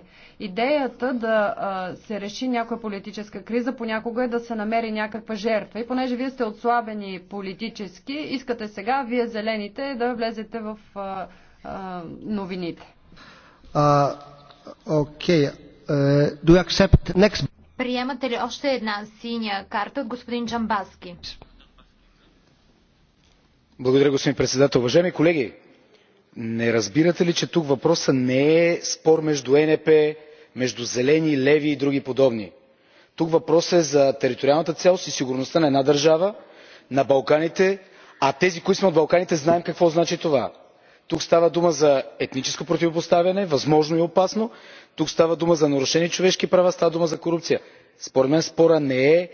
Идеята да а, се реши някоя политическа криза понякога е да се намери някаква жертва. И понеже вие сте отслабени политически, искате сега, вие зелените, да влезете в а, а, новините. Окей. Uh, Okay. Uh, next? Приемате ли още една синя карта от господин Джамбаски? Благодаря, господин председател. Уважаеми колеги, не разбирате ли, че тук въпросът не е спор между ЕНП, е между зелени, леви и други подобни? Тук въпросът е за териториалната цялост и сигурността на една държава, на Балканите, а тези, които сме от Балканите, знаем какво значи това. Тук става дума за етническо противопоставяне, възможно и опасно. Тук става дума за нарушени човешки права, става дума за корупция. Според мен спорът не е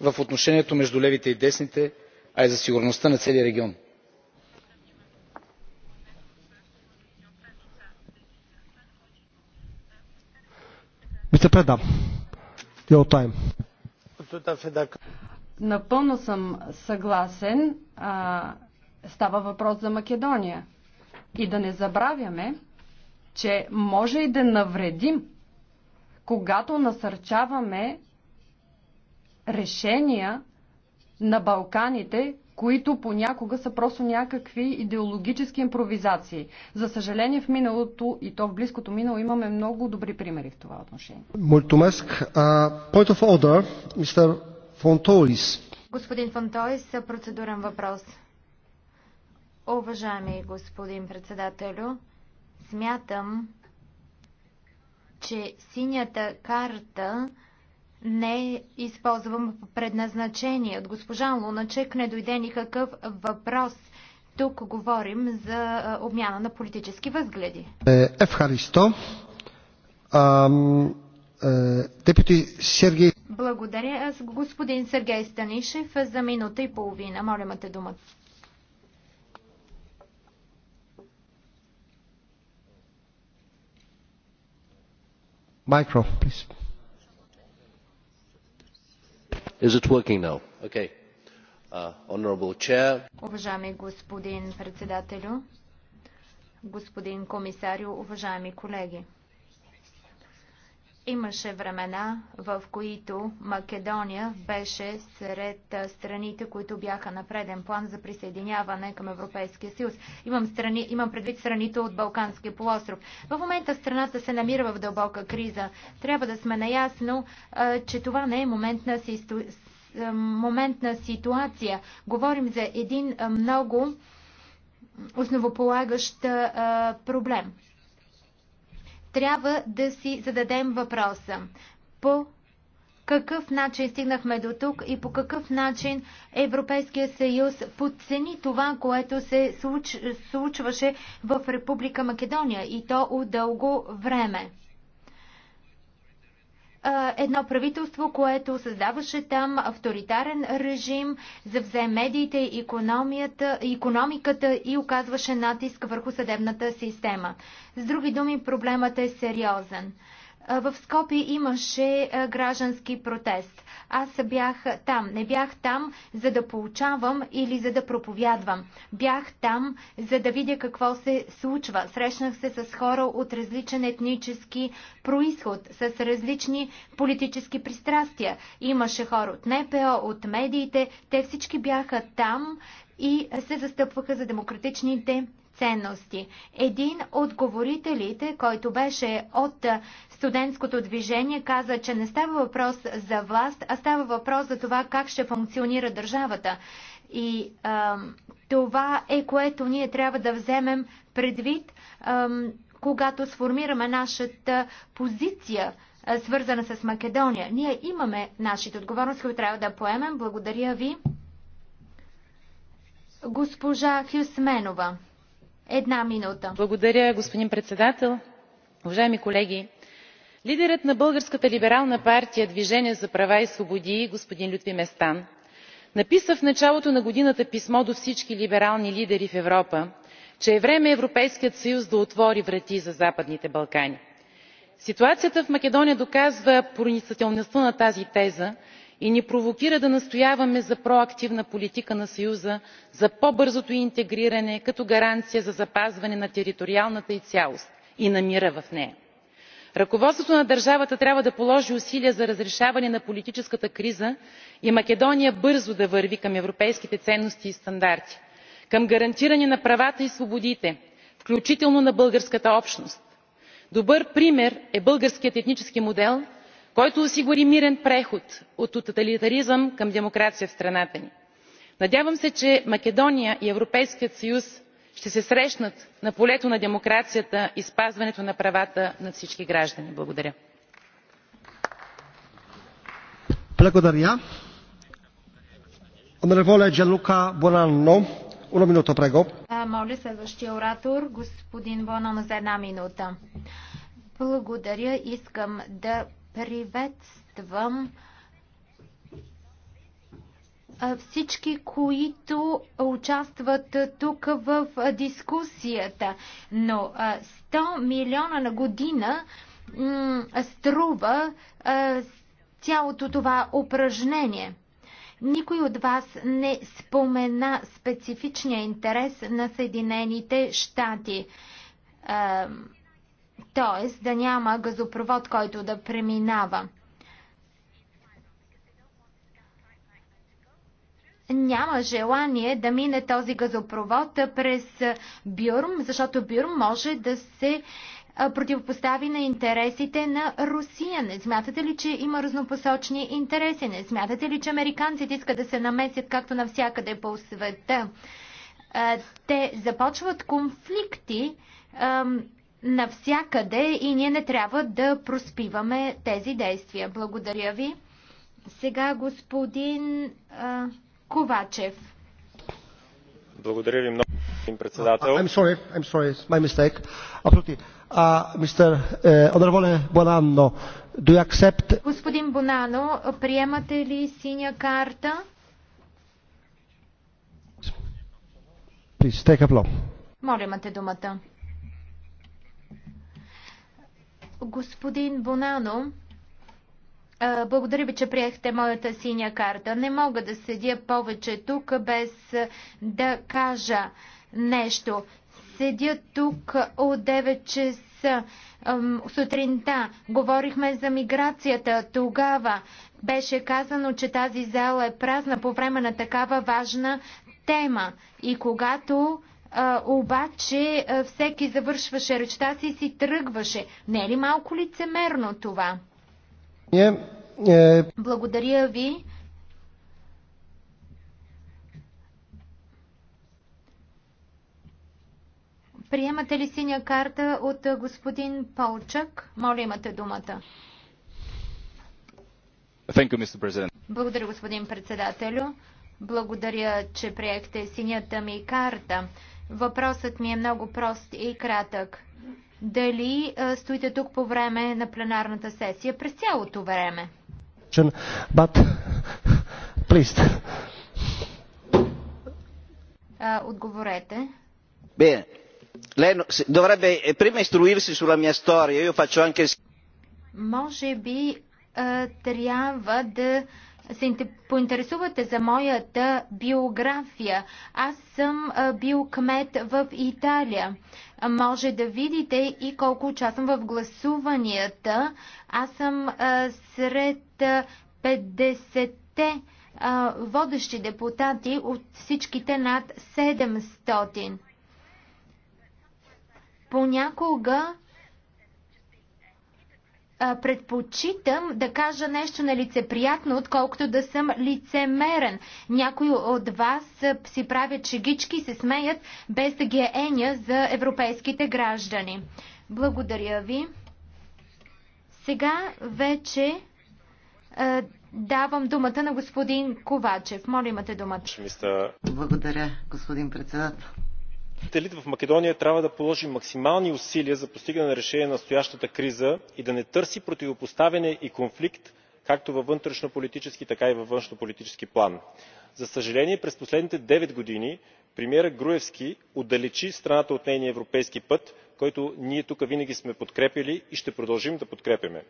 в отношението между левите и десните, а е за сигурността на целия регион. Е Напълно съм съгласен. А, става въпрос за Македония. И да не забравяме, че може и да навредим, когато насърчаваме решения на Балканите, които понякога са просто някакви идеологически импровизации. За съжаление в миналото и то в близкото минало имаме много добри примери в това отношение. Мултумеск. Point of order, мистер Фонтолис. Господин Фонтолис, процедурен въпрос. Уважаеми господин председателю, смятам, че синята карта не използвам предназначение. От госпожа Луначек не дойде никакъв въпрос. Тук говорим за обмяна на политически възгледи. Евхаристо. Е, депути Сергей. Благодаря. Аз господин Сергей Станишев за минута и половина. Моля, имате думата. Micro, please. Uh, уважаеми господин председателю, господин комисарю, уважаеми колеги! Имаше времена, в които Македония беше сред страните, които бяха на преден план за присъединяване към Европейския съюз. Имам, страни, имам предвид страните от Балканския полуостров. В момента страната се намира в дълбока криза. Трябва да сме наясно, че това не е момент на, систу... момент на ситуация. Говорим за един много основополагащ проблем трябва да си зададем въпроса по какъв начин стигнахме до тук и по какъв начин Европейския съюз подцени това, което се случваше в Република Македония и то от дълго време едно правителство, което създаваше там авторитарен режим, завзе медиите, економията, економиката и оказваше натиск върху съдебната система. С други думи, проблемът е сериозен. В Скопи имаше граждански протест. Аз бях там. Не бях там, за да получавам или за да проповядвам. Бях там, за да видя какво се случва. Срещнах се с хора от различен етнически происход, с различни политически пристрастия. Имаше хора от НПО, от медиите. Те всички бяха там и се застъпваха за демократичните ценности. Един от говорителите, който беше от студентското движение, каза, че не става въпрос за власт, а става въпрос за това как ще функционира държавата. И а, това е което ние трябва да вземем предвид, а, когато сформираме нашата позиция свързана с Македония. Ние имаме нашите отговорности, които трябва да поемем. Благодаря ви. Госпожа Хюсменова. Една минута. Благодаря, господин председател. Уважаеми колеги, лидерът на Българската либерална партия Движение за права и свободи господин Лютви Местан написа в началото на годината писмо до всички либерални лидери в Европа, че е време Европейският съюз да отвори врати за Западните Балкани. Ситуацията в Македония доказва проницателността на тази теза и ни провокира да настояваме за проактивна политика на съюза за по бързото интегриране като гаранция за запазване на териториалната й цялост и на мира в нея. ръководството на държавата трябва да положи усилия за разрешаване на политическата криза и македония бързо да върви към европейските ценности и стандарти към гарантиране на правата и свободите включително на българската общност. добър пример е българският етнически модел който осигури мирен преход от тоталитаризъм към демокрация в страната ни. надявам се че македония и европейският съюз ще се срещнат на полето на демокрацията и спазването на правата на всички граждани. благодаря. Моля следващия оратор, господин за една минута. Приветствам всички, които участват тук в дискусията. Но 100 милиона на година струва цялото това упражнение. Никой от вас не спомена специфичния интерес на Съединените щати т.е. да няма газопровод, който да преминава. няма желание да мине този газопровод през Бюрм, защото Бюрм може да се противопостави на интересите на Русия. Не смятате ли, че има разнопосочни интереси? Не смятате ли, че американците искат да се намесят както навсякъде по света? Те започват конфликти навсякъде и ние не трябва да проспиваме тези действия. Благодаря ви. Сега господин а, Ковачев. Благодаря ви много, господин председател. I'm sorry, I'm sorry, it's my mistake. Absolutely. Uh, uh, do you accept... Господин Бонано, приемате ли синя карта? Please, take a blow. Моля, имате думата. Господин Бонано, благодаря ви, че приехте моята синя карта. Не мога да седя повече тук без да кажа нещо. Седя тук от 9 часа сутринта. Говорихме за миграцията. Тогава беше казано, че тази зала е празна по време на такава важна тема. И когато а, обаче а, всеки завършваше речта си и си тръгваше. Не е ли малко лицемерно това? Не, не. Благодаря ви. Приемате ли синя карта от господин Полчък? Моля, имате думата. You, Благодаря, господин председателю. Благодаря, че приехте синята ми карта. Въпросът ми е много прост и кратък. Дали стоите тук по време на пленарната сесия през цялото време? But, please. Отговорете. Bene. Lei dovrebbe eh, prima istruirsi sulla mia storia, io faccio anche Може би трябва да се поинтересувате за моята биография. Аз съм бил кмет в Италия. Може да видите и колко участвам в гласуванията. Аз съм сред 50-те водещи депутати от всичките над 700. Понякога предпочитам да кажа нещо нелицеприятно, отколкото да съм лицемерен. Някои от вас си правят шегички и се смеят, без да ги е еня за европейските граждани. Благодаря ви. Сега вече а, давам думата на господин Ковачев. Моля, имате думата. Благодаря, господин председател. Елит в Македония трябва да положи максимални усилия за постигане на решение на настоящата криза и да не търси противопоставяне и конфликт както във вътрешнополитически, така и във външнополитически план. За съжаление, през последните девет години премиерът Груевски отдалечи страната от нейния европейски път, който ние тук винаги сме подкрепяли и ще продължим да подкрепяме.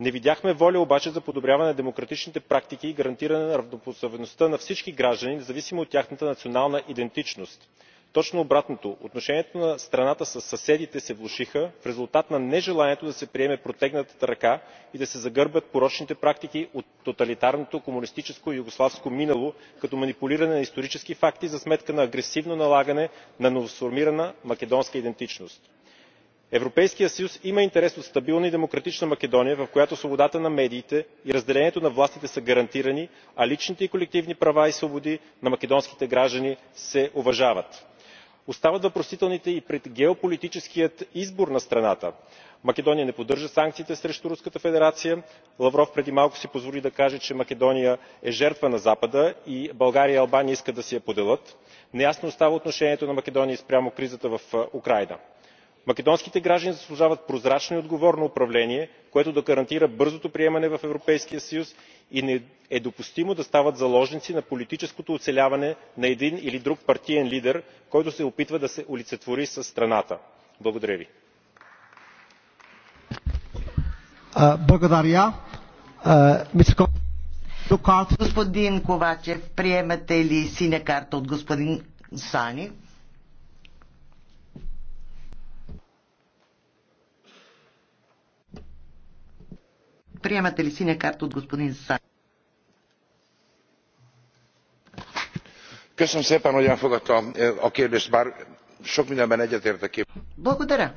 Не видяхме воля обаче за подобряване на демократичните практики и гарантиране на равнопоставеността на всички граждани, независимо от тяхната национална идентичност точно обратното отношенията на страната със съседите се влошиха в резултат на нежеланието да се приеме протегнатата ръка и да се загърбят порочните практики от тоталитарното комунистическо и югославско минало като манипулиране на исторически факти за сметка на агресивно налагане на новосформирана македонска идентичност. европейският съюз има интерес от стабилна и демократична македония в която свободата на медиите и разделението на властите са гарантирани а личните и колективни права и свободи на македонските граждани се уважават остават въпросителните и пред геополитическия избор на страната. македония не поддържа санкциите срещу руската федерация лавров преди малко си позволи да каже че македония е жертва на запада и българия и албания искат да си я поделят. неясно остава отношението на македония спрямо кризата в украйна македонските граждани заслужават прозрачно и отговорно управление което да гарантира бързото приемане в европейския съюз и не е допустимо да стават заложници на политическото оцеляване на един или друг партиен лидер който се опитва да се олицетвори със страната. благодаря ви. Ковачев, приемате ли карта от господин Сани? Приемате ли синя карта от господин Са? Köszönöm szépen, бар, elfogadta ми eh, kérdést, bár да mindenben egyetértek. Благодаря.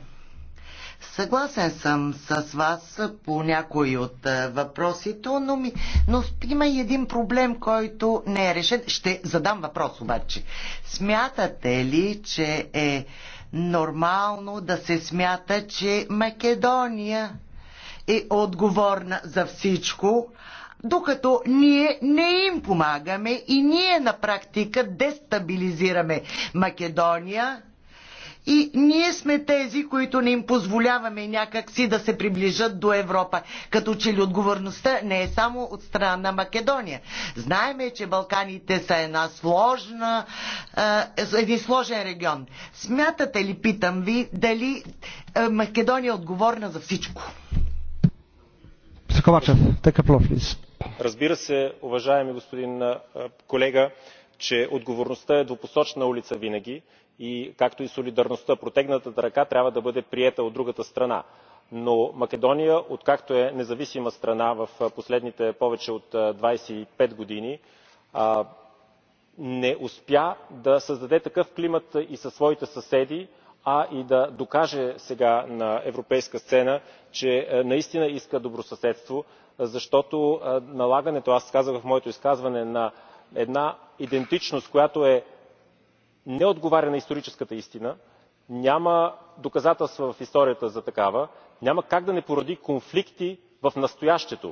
Съгласен съм с вас по някои от е, въпросите, но, ми, но има и един проблем, който не е решен. Ще задам въпрос обаче. Смятате ли, че е нормално да се смята, че Македония е отговорна за всичко, докато ние не им помагаме и ние на практика дестабилизираме Македония и ние сме тези, които не им позволяваме някакси да се приближат до Европа, като че ли отговорността не е само от страна на Македония. Знаеме, че Балканите са една сложна, е, един сложен регион. Смятате ли, питам ви, дали Македония е отговорна за всичко? разбира се уважаеми господин колега че отговорността е двупосочна улица винаги както и солидарността. протегнатата ръка трябва да бъде приета от другата страна но македония откакто е независима страна в последните повече от двадесет и пет години не успя да създаде такъв климат и със своите съседи а и да докаже сега на европейска сцена, че е, наистина иска добросъседство, защото е, налагането, аз казах в моето изказване, на една идентичност, която е не отговаря на историческата истина, няма доказателства в историята за такава, няма как да не породи конфликти в настоящето.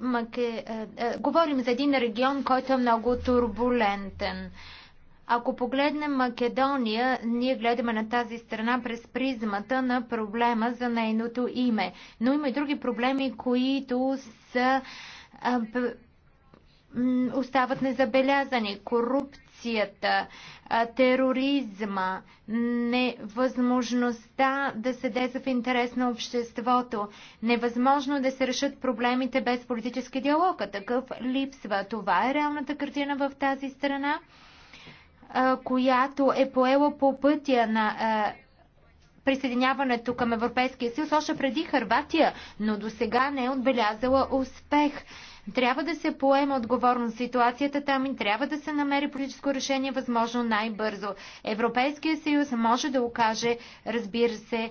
Маке... Е, е, говорим за един регион, който е много турбулентен. Ако погледнем Македония, ние гледаме на тази страна през призмата на проблема за нейното име. Но има и други проблеми, които са остават незабелязани. Корупцията, тероризма, невъзможността да се деза в интерес на обществото, невъзможно да се решат проблемите без политически диалог, такъв липсва. Това е реалната картина в тази страна, която е поела по пътя на присъединяването към Европейския съюз още преди Харватия, но до сега не е отбелязала успех. Трябва да се поема отговорност ситуацията там и трябва да се намери политическо решение възможно най-бързо. Европейския съюз може да окаже, разбира се,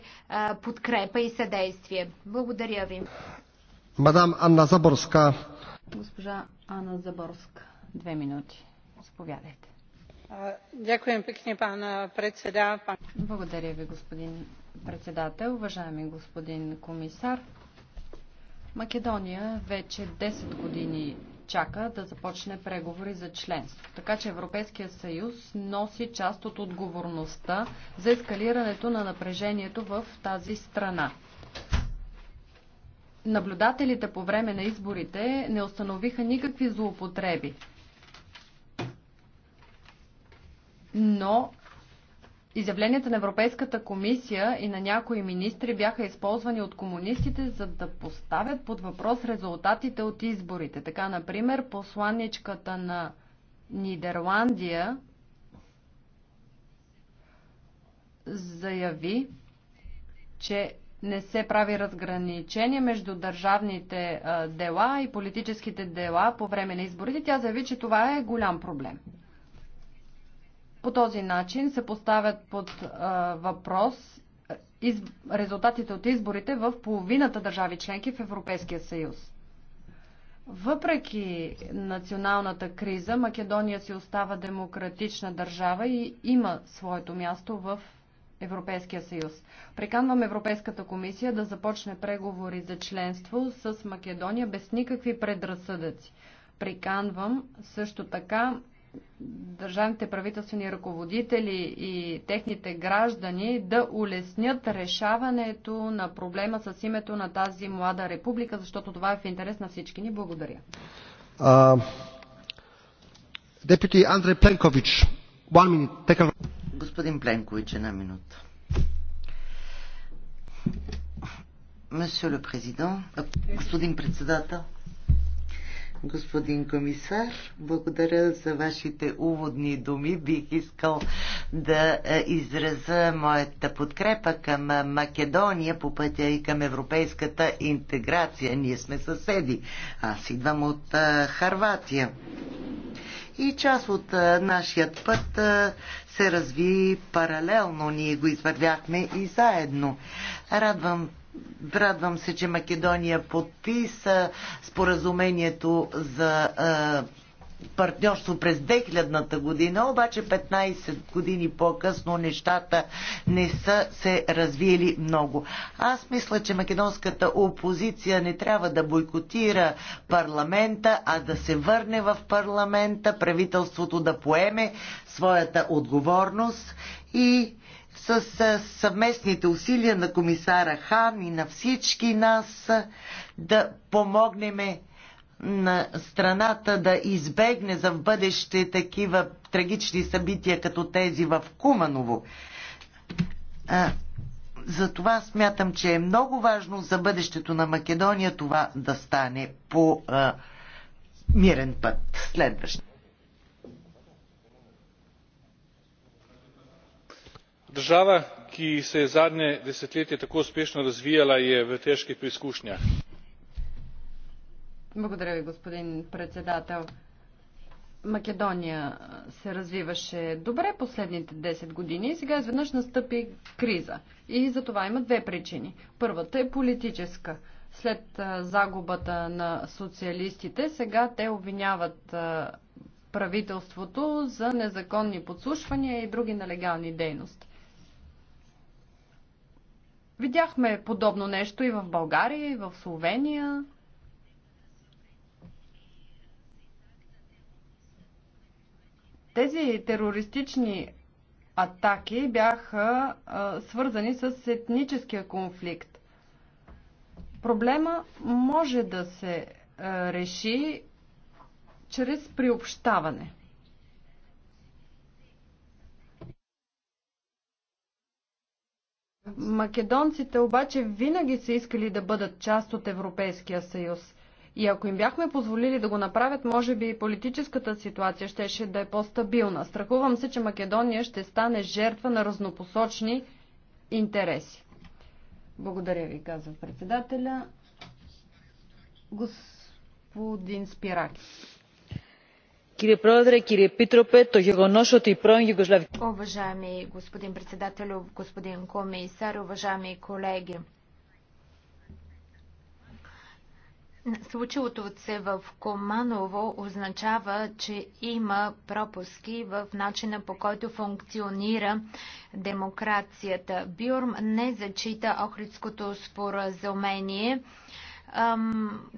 подкрепа и съдействие. Благодаря ви. Мадам Анна Заборска. Госпожа Анна Заборска, две минути. Заповядайте. Благодаря ви, господин председател. Уважаеми господин комисар, Македония вече 10 години чака да започне преговори за членство. Така че Европейския съюз носи част от отговорността за ескалирането на напрежението в тази страна. Наблюдателите по време на изборите не установиха никакви злоупотреби. Но Изявленията на Европейската комисия и на някои министри бяха използвани от комунистите, за да поставят под въпрос резултатите от изборите. Така, например, посланничката на Нидерландия заяви, че не се прави разграничение между държавните дела и политическите дела по време на изборите. Тя заяви, че това е голям проблем. По този начин се поставят под а, въпрос из... резултатите от изборите в половината държави членки в Европейския съюз. Въпреки националната криза, Македония си остава демократична държава и има своето място в Европейския съюз. Приканвам Европейската комисия да започне преговори за членство с Македония без никакви предразсъдъци. Приканвам също така държавните правителствени ръководители и техните граждани да улеснят решаването на проблема с името на тази млада република, защото това е в интерес на всички ни. Благодаря. депути Андре Пленкович, Господин Пленкович, една минута. Месье Президент, господин председател, господин комисар. Благодаря за вашите уводни думи. Бих искал да е, израза моята подкрепа към е, Македония по пътя и към европейската интеграция. Ние сме съседи. Аз идвам от е, Харватия. И част от нашият път се разви паралелно. Ние го извървяхме и заедно. Радвам Радвам се, че Македония подписа споразумението за партньорство през 2000-та година, обаче 15 години по-късно нещата не са се развиели много. Аз мисля, че македонската опозиция не трябва да бойкотира парламента, а да се върне в парламента, правителството да поеме своята отговорност и с съвместните усилия на комисара Хан и на всички нас да помогнеме на страната да избегне за в бъдеще такива трагични събития, като тези в Куманово. За това смятам, че е много важно за бъдещето на Македония това да стане по а, мирен път. Следващ. država ki se je zadnje desetletje tako uspešno razvijala je v težkih preizkušnjah. Благодаря ви, господин председател. Македония се развиваше добре последните 10 години и сега изведнъж настъпи криза. И за това има две причини. Първата е политическа. След загубата на социалистите, сега те обвиняват правителството за незаконни подслушвания и други нелегални дейности. Видяхме подобно нещо и в България, и в Словения. Тези терористични атаки бяха а, свързани с етническия конфликт. Проблема може да се а, реши чрез приобщаване. Македонците обаче винаги са искали да бъдат част от Европейския съюз. И ако им бяхме позволили да го направят, може би и политическата ситуация щеше да е по-стабилна. Страхувам се, че Македония ще стане жертва на разнопосочни интереси. Благодаря ви, казва председателя. Господин Спираки. Уважаеми господин председател, господин комисар, уважаеми колеги! Случилото се в Команово означава, че има пропуски в начина по който функционира демокрацията. Бюрм не зачита Охридското споразумение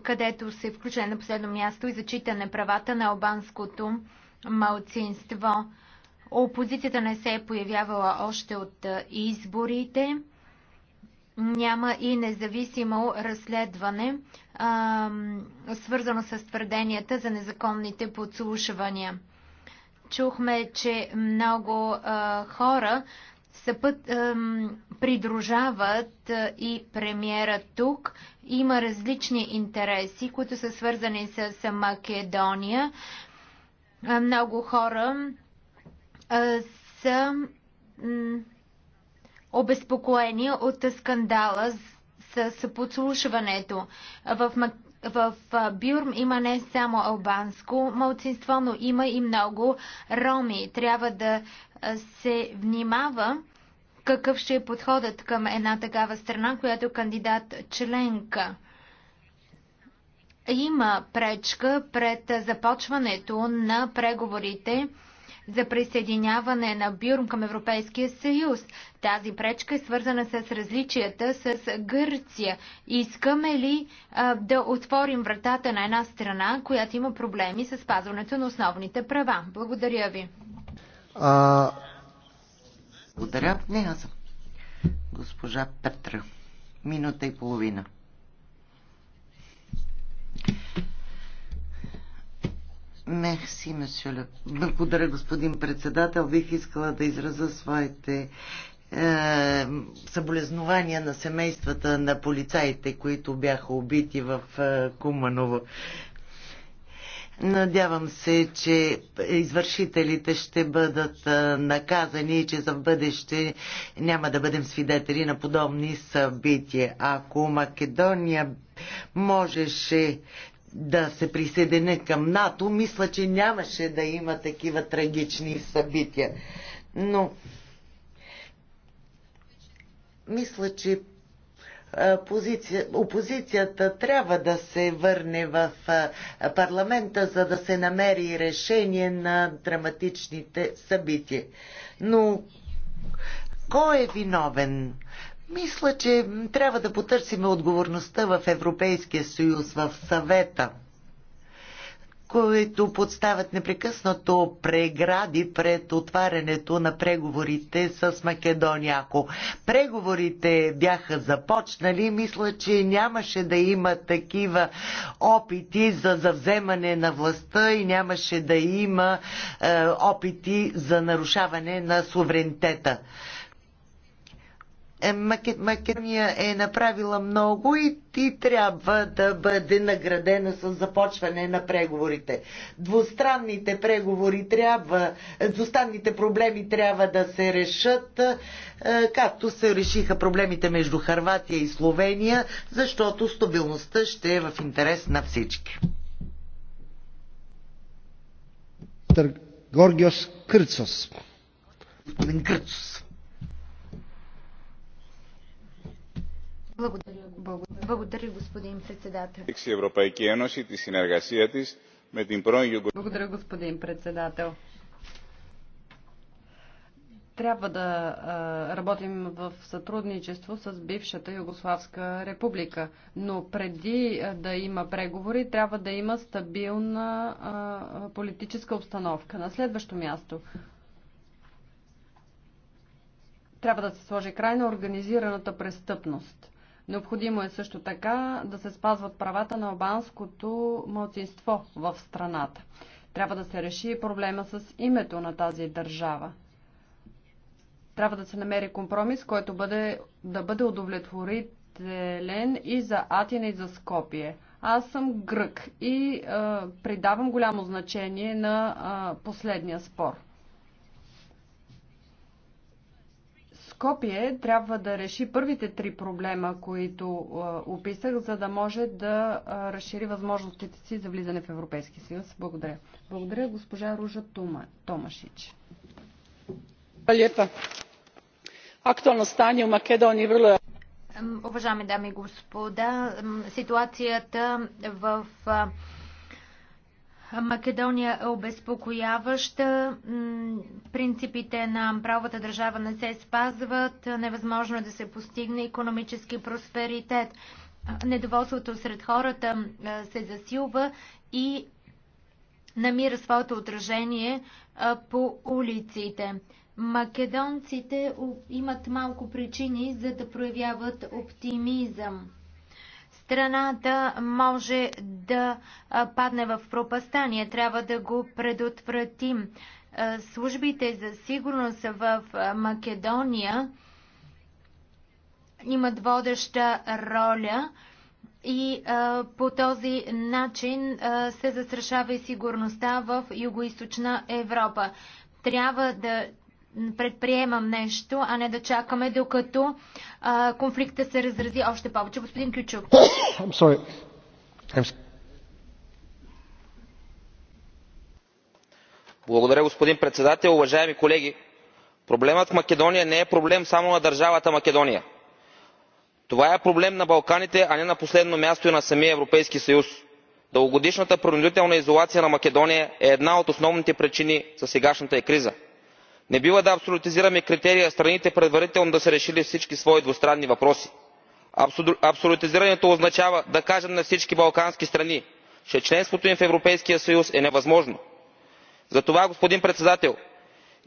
където се включва на последно място и зачитане правата на албанското малцинство. Опозицията не се е появявала още от изборите. Няма и независимо разследване, свързано с твърденията за незаконните подслушвания. Чухме, че много хора съпът, придружават и премиера тук има различни интереси, които са свързани с Македония. Много хора са обезпокоени от скандала с подслушването. В, Бюрм има не само албанско малцинство, но има и много роми. Трябва да се внимава какъв ще е подходът към една такава страна, която е кандидат членка. Има пречка пред започването на преговорите за присъединяване на Бюрм към Европейския съюз. Тази пречка е свързана с различията с Гърция. Искаме ли а, да отворим вратата на една страна, която има проблеми с спазването на основните права? Благодаря ви. А, благодаря. Не, аз съм. Госпожа Петра. Минута и половина. Мерси, месье. Благодаря, господин председател. Бих искала да изразя своите е, съболезнования на семействата на полицаите, които бяха убити в е, Куманово. Надявам се, че извършителите ще бъдат наказани и че за бъдеще няма да бъдем свидетели на подобни събития. Ако Македония можеше да се присъедине към НАТО, мисля, че нямаше да има такива трагични събития. Но мисля, че позиция, опозицията трябва да се върне в парламента, за да се намери решение на драматичните събития. Но кой е виновен? Мисля, че трябва да потърсим отговорността в Европейския съюз, в съвета – които подставят непрекъснато прегради пред отварянето на преговорите с Македония. Ако преговорите бяха започнали, мисля, че нямаше да има такива опити за завземане на властта и нямаше да има е, опити за нарушаване на суверенитета. Е, Македония е направила много и, ти трябва да бъде наградена с започване на преговорите. Двустранните преговори трябва, двустранните проблеми трябва да се решат, е, както се решиха проблемите между Харватия и Словения, защото стабилността ще е в интерес на всички. Горгиос Кърцос. Господин Кърцос. Благодаря, господин председател. Благодаря, господин председател трябва да работим в сътрудничество с бившата Югославска република. Но преди да има преговори, трябва да има стабилна политическа обстановка. На следващо място. Трябва да се сложи край на организираната престъпност. Необходимо е също така да се спазват правата на албанското младсинство в страната. Трябва да се реши проблема с името на тази държава. Трябва да се намери компромис, който бъде, да бъде удовлетворителен и за Атина и за Скопие. Аз съм грък и а, придавам голямо значение на а, последния спор. Скопие трябва да реши първите три проблема, които описах, за да може да разшири възможностите си за влизане в Европейски съюз. Благодаря. Благодаря госпожа Ружа Тума, Томашич. Актуално стане в Македония върло. Уважаеми дами и господа, ситуацията в Македония е обезпокояваща. Принципите на правата държава не се спазват. Невъзможно е да се постигне економически просперитет. Недоволството сред хората се засилва и намира своето отражение по улиците. Македонците имат малко причини за да проявяват оптимизъм страната може да падне в пропаста. Ние трябва да го предотвратим. Службите за сигурност в Македония имат водеща роля и по този начин се застрашава и сигурността в Югоизточна Европа. Трябва да предприемам нещо, а не да чакаме докато а, конфликта се разрази още повече. Господин Кючук. *coughs* I'm sorry. I'm... Благодаря, господин председател. Уважаеми колеги, проблемът в Македония не е проблем само на държавата Македония. Това е проблем на Балканите, а не на последно място и на самия Европейски съюз. Дългогодишната принудителна изолация на Македония е една от основните причини за сегашната е криза не бива да абсолютизираме критерия страните предварително да са решили всички свои двустранни въпроси. абсолютизирането означава да кажем на всички балкански страни че членството им в европейския съюз е невъзможно. затова господин председател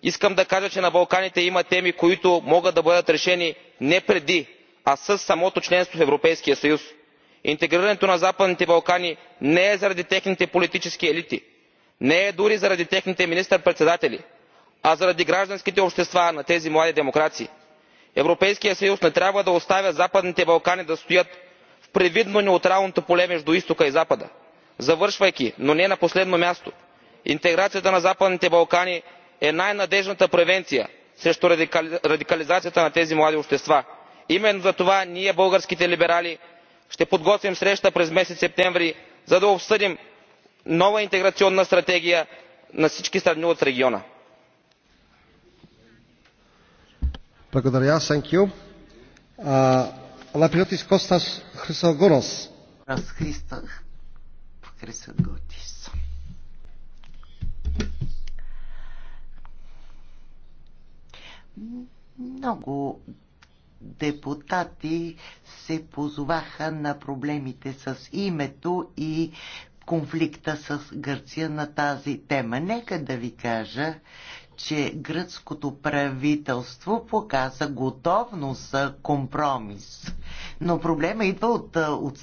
искам да кажа че на балканите има теми които могат да бъдат решени не преди а със самото членство в европейския съюз. интегрирането на западните балкани не е заради техните политически елити не е дори заради техните министър председатели а заради гражданските общества на тези млади демокрации. европейският съюз не трябва да оставя западните балкани да стоят в привидно неутралното поле между изтока и запада. завършвайки но не на последно място интеграцията на западните балкани е най надежната превенция срещу радикализацията на тези млади общества. именно за това, ние българските либерали ще подготвим среща през месец септември за да обсъдим нова интеграционна стратегия на всички страни от региона. Благодаря. Thank you. Uh, Лаприотис Костас Хрисогонос. Аз Христах Хрисоготис. Много депутати се позоваха на проблемите с името и конфликта с Гърция на тази тема. Нека да ви кажа, че гръцкото правителство показа готовност за компромис. Но проблема идва от, от, от,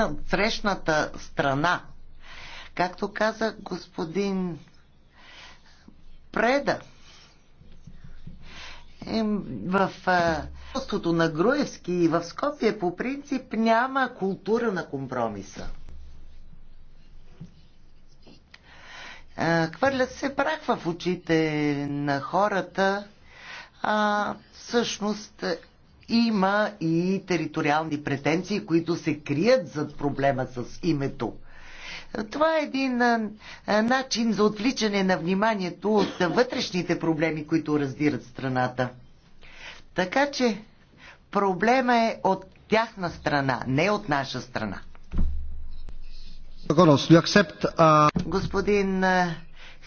от срещната страна. Както каза господин Преда, в а, на Груевски и в Скопие по принцип няма култура на компромиса. Хвърлят се прах в очите на хората, а всъщност има и териториални претенции, които се крият зад проблема с името. Това е един а, начин за отвличане на вниманието от вътрешните проблеми, които раздират страната. Така че проблема е от тяхна страна, не от наша страна. Господин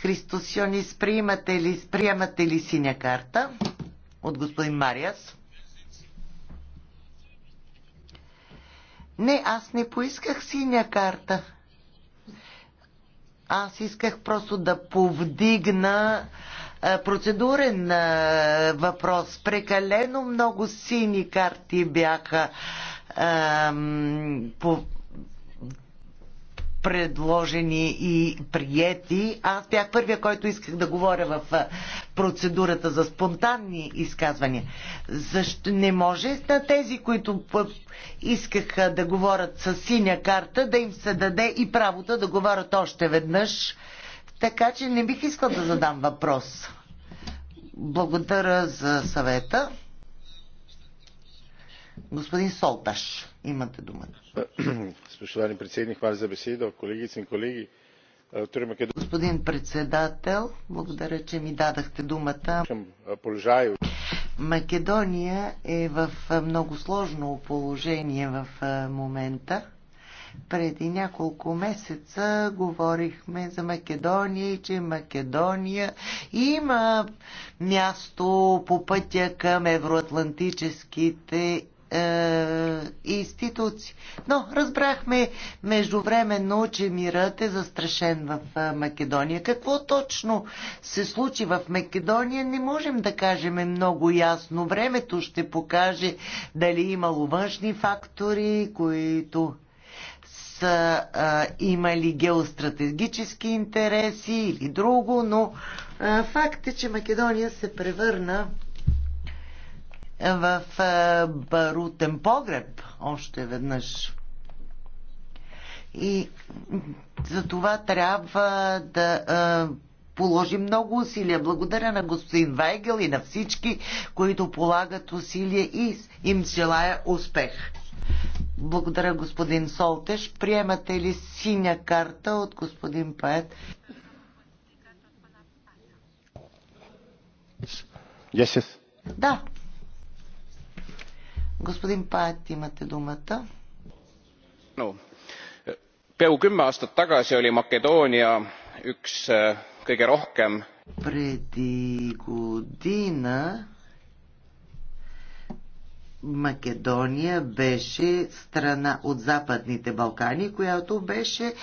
Христос Йонис, приемате ли, приемате ли синя карта от господин Мариас? Не, аз не поисках синя карта. Аз исках просто да повдигна процедурен въпрос. Прекалено много сини карти бяха ам, по предложени и приети. Аз бях първия, който исках да говоря в процедурата за спонтанни изказвания. Защо не може на тези, които искаха да говорят с синя карта, да им се даде и правото да говорят още веднъж? Така че не бих искал да задам въпрос. Благодаря за съвета. Господин Солташ, имате думата. Spoštovani predsednik, hvala za besedo. Kolegice in Господин председател, благодаря, че ми дадахте думата. Македония е в много сложно положение в момента. Преди няколко месеца говорихме за Македония и че Македония има място по пътя към евроатлантическите е, институции. Но разбрахме междувременно, че мирът е застрашен в е, Македония. Какво точно се случи в Македония, не можем да кажем много ясно. Времето ще покаже дали имало външни фактори, които са а, е, имали геостратегически интереси или друго, но а, факт е, че Македония се превърна в Барутен погреб още веднъж. И за това трябва да положи много усилия. Благодаря на господин Вайгел и на всички, които полагат усилия и им желая успех. Благодаря, господин Солтеш. Приемате ли синя карта от господин Паед? Yes, yes. Да, Господин Паят, имате думата. No. Peaaegu 10 aastat tagasi oli Македония üks е, kõige rohkem преди година Македония беше страна от Западните Балкани, която беше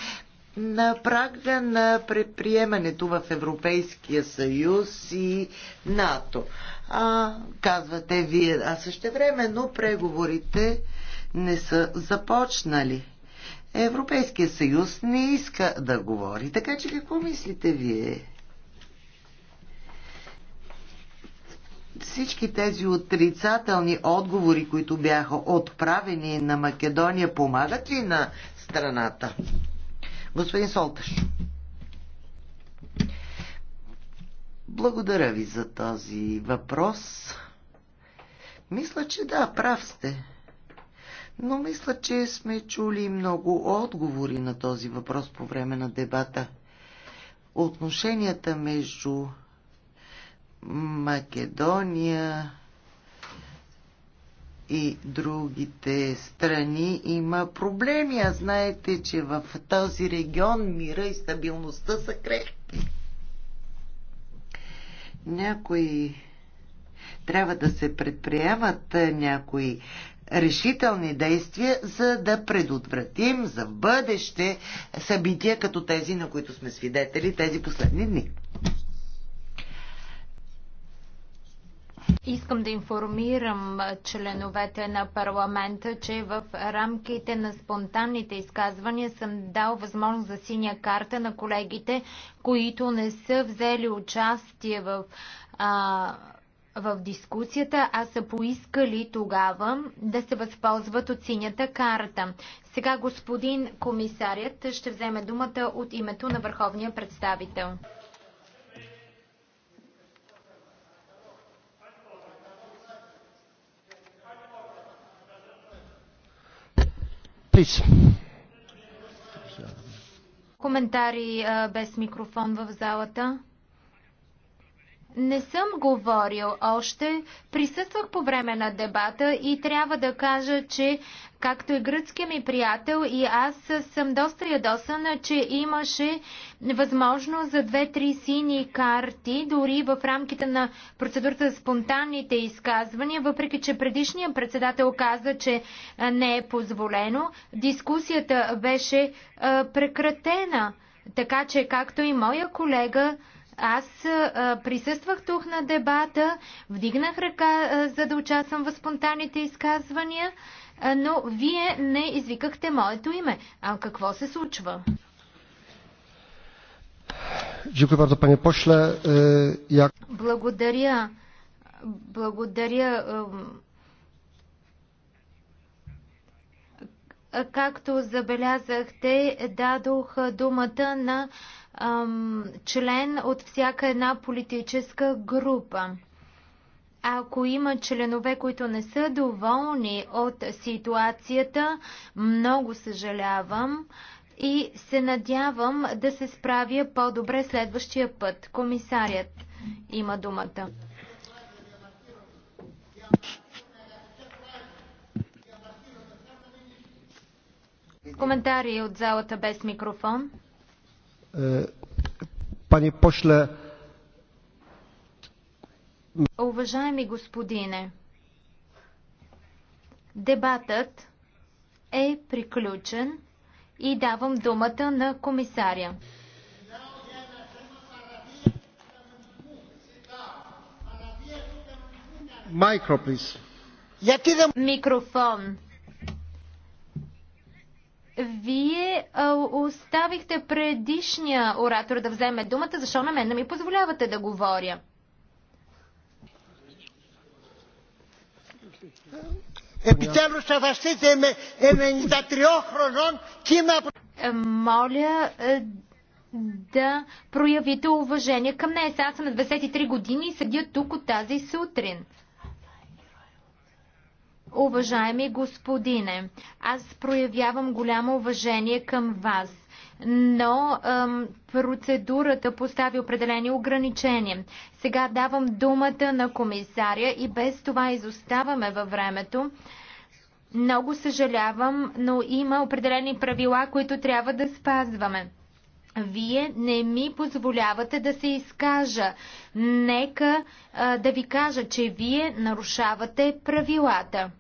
на прага на предприемането в Европейския съюз и НАТО. А, казвате вие, а също но преговорите не са започнали. Европейския съюз не иска да говори. Така че какво мислите вие? Всички тези отрицателни отговори, които бяха отправени на Македония, помагат ли на страната? Господин Солташ, Благодаря ви за този въпрос. Мисля, че да, прав сте. Но мисля, че сме чули много отговори на този въпрос по време на дебата. Отношенията между Македония, и другите страни има проблеми, а знаете, че в този регион мира и стабилността са крехки. Някои трябва да се предприемат някои решителни действия, за да предотвратим за бъдеще събития като тези, на които сме свидетели тези последни дни. Искам да информирам членовете на парламента, че в рамките на спонтанните изказвания съм дал възможност за синя карта на колегите, които не са взели участие в, а, в дискусията, а са поискали тогава да се възползват от синята карта. Сега господин комисарят ще вземе думата от името на върховния представител. Please. Коментари без микрофон в залата. Не съм говорил още, присъствах по време на дебата и трябва да кажа, че както и гръцкия ми приятел и аз съм доста ядосана, че имаше възможност за две-три сини карти, дори в рамките на процедурата за спонтанните изказвания, въпреки че предишният председател каза, че не е позволено. Дискусията беше прекратена, така че както и моя колега аз а, присъствах тук на дебата, вдигнах ръка, а, за да участвам в спонтанните изказвания, а, но вие не извикахте моето име. А какво се случва? Е, Благодаря. Благодаря. Както забелязахте, дадох думата на член от всяка една политическа група. Ако има членове, които не са доволни от ситуацията, много съжалявам и се надявам да се справя по-добре следващия път. Комисарият има думата. Коментари от залата без микрофон. Panie е, пошле. Уважаеми господине, дебатът е приключен и давам думата на комисаря. Микрофон. Вие а, оставихте предишния оратор да вземе думата, защо на мен не ми позволявате да говоря? Е, моля е, да проявите уважение към нея. Аз съм на 23 години и седя тук от тази сутрин. Уважаеми господине, аз проявявам голямо уважение към вас, но ем, процедурата постави определени ограничения. Сега давам думата на комисаря и без това изоставаме във времето. Много съжалявам, но има определени правила, които трябва да спазваме. Вие не ми позволявате да се изкажа. Нека а, да ви кажа, че вие нарушавате правилата.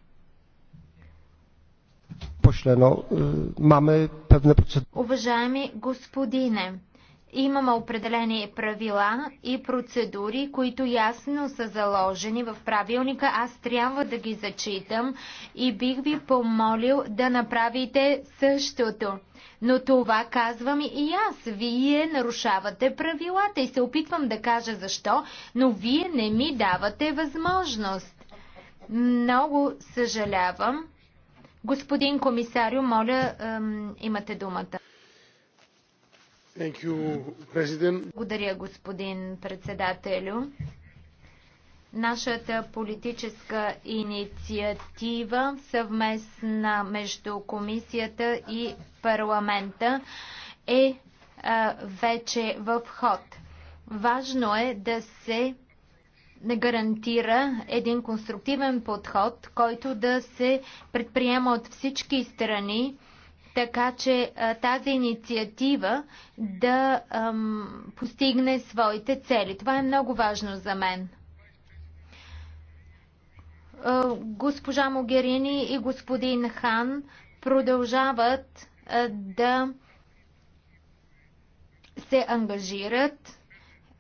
Пошлено, е, маме певна процедура. Уважаеми господине, имаме определени правила и процедури, които ясно са заложени в правилника. Аз трябва да ги зачитам и бих ви помолил да направите същото. Но това казвам и аз. Вие нарушавате правилата и се опитвам да кажа защо, но вие не ми давате възможност. Много съжалявам. Господин комисарю, моля, ем, имате думата. You, Благодаря, господин председателю. Нашата политическа инициатива съвместна между комисията и парламента е а, вече в ход. Важно е да се гарантира един конструктивен подход, който да се предприема от всички страни, така че а, тази инициатива да ам, постигне своите цели. Това е много важно за мен. Е, госпожа Могерини и господин Хан продължават е, да се ангажират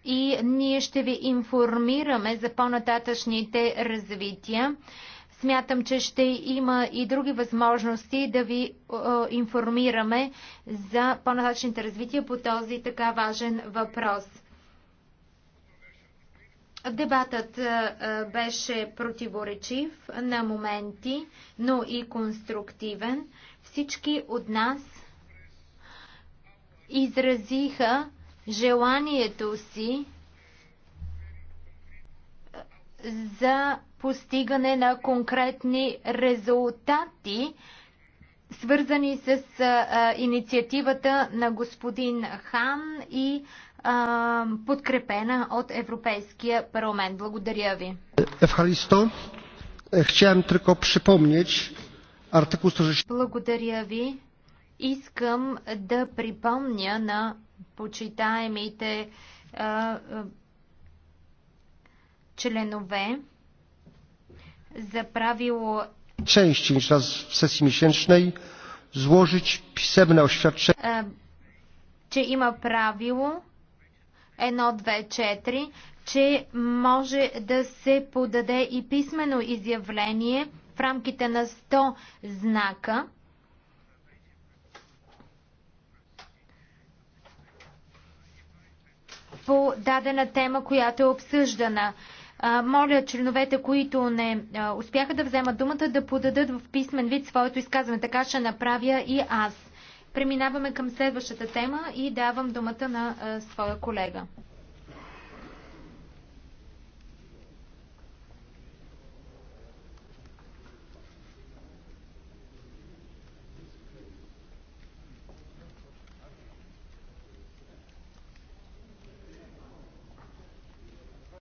и ние ще ви информираме за по-нататъчните развития. Смятам, че ще има и други възможности да ви е, информираме за по-нататъчните развития по този така важен въпрос. Дебатът беше противоречив на моменти, но и конструктивен. Всички от нас изразиха желанието си за постигане на конкретни резултати, свързани с инициативата на господин Хан и подкрепена от Европейския парламент. Благодаря ви. Евхаристо, chciałem е, тръко припомнеч артикул 160. Благодаря ви. Искам да припомня на почитаемите членове за правило częściej niż raz w sesji miesięcznej złożyć pisemne oświadczenie. Czy ima prawidło 124, че може да се подаде и писмено изявление в рамките на 100 знака. по дадена тема, която е обсъждана. Моля членовете, които не успяха да вземат думата, да подадат в писмен вид своето изказване. Така ще направя и аз. Преминаваме към следващата тема и давам думата на своя колега.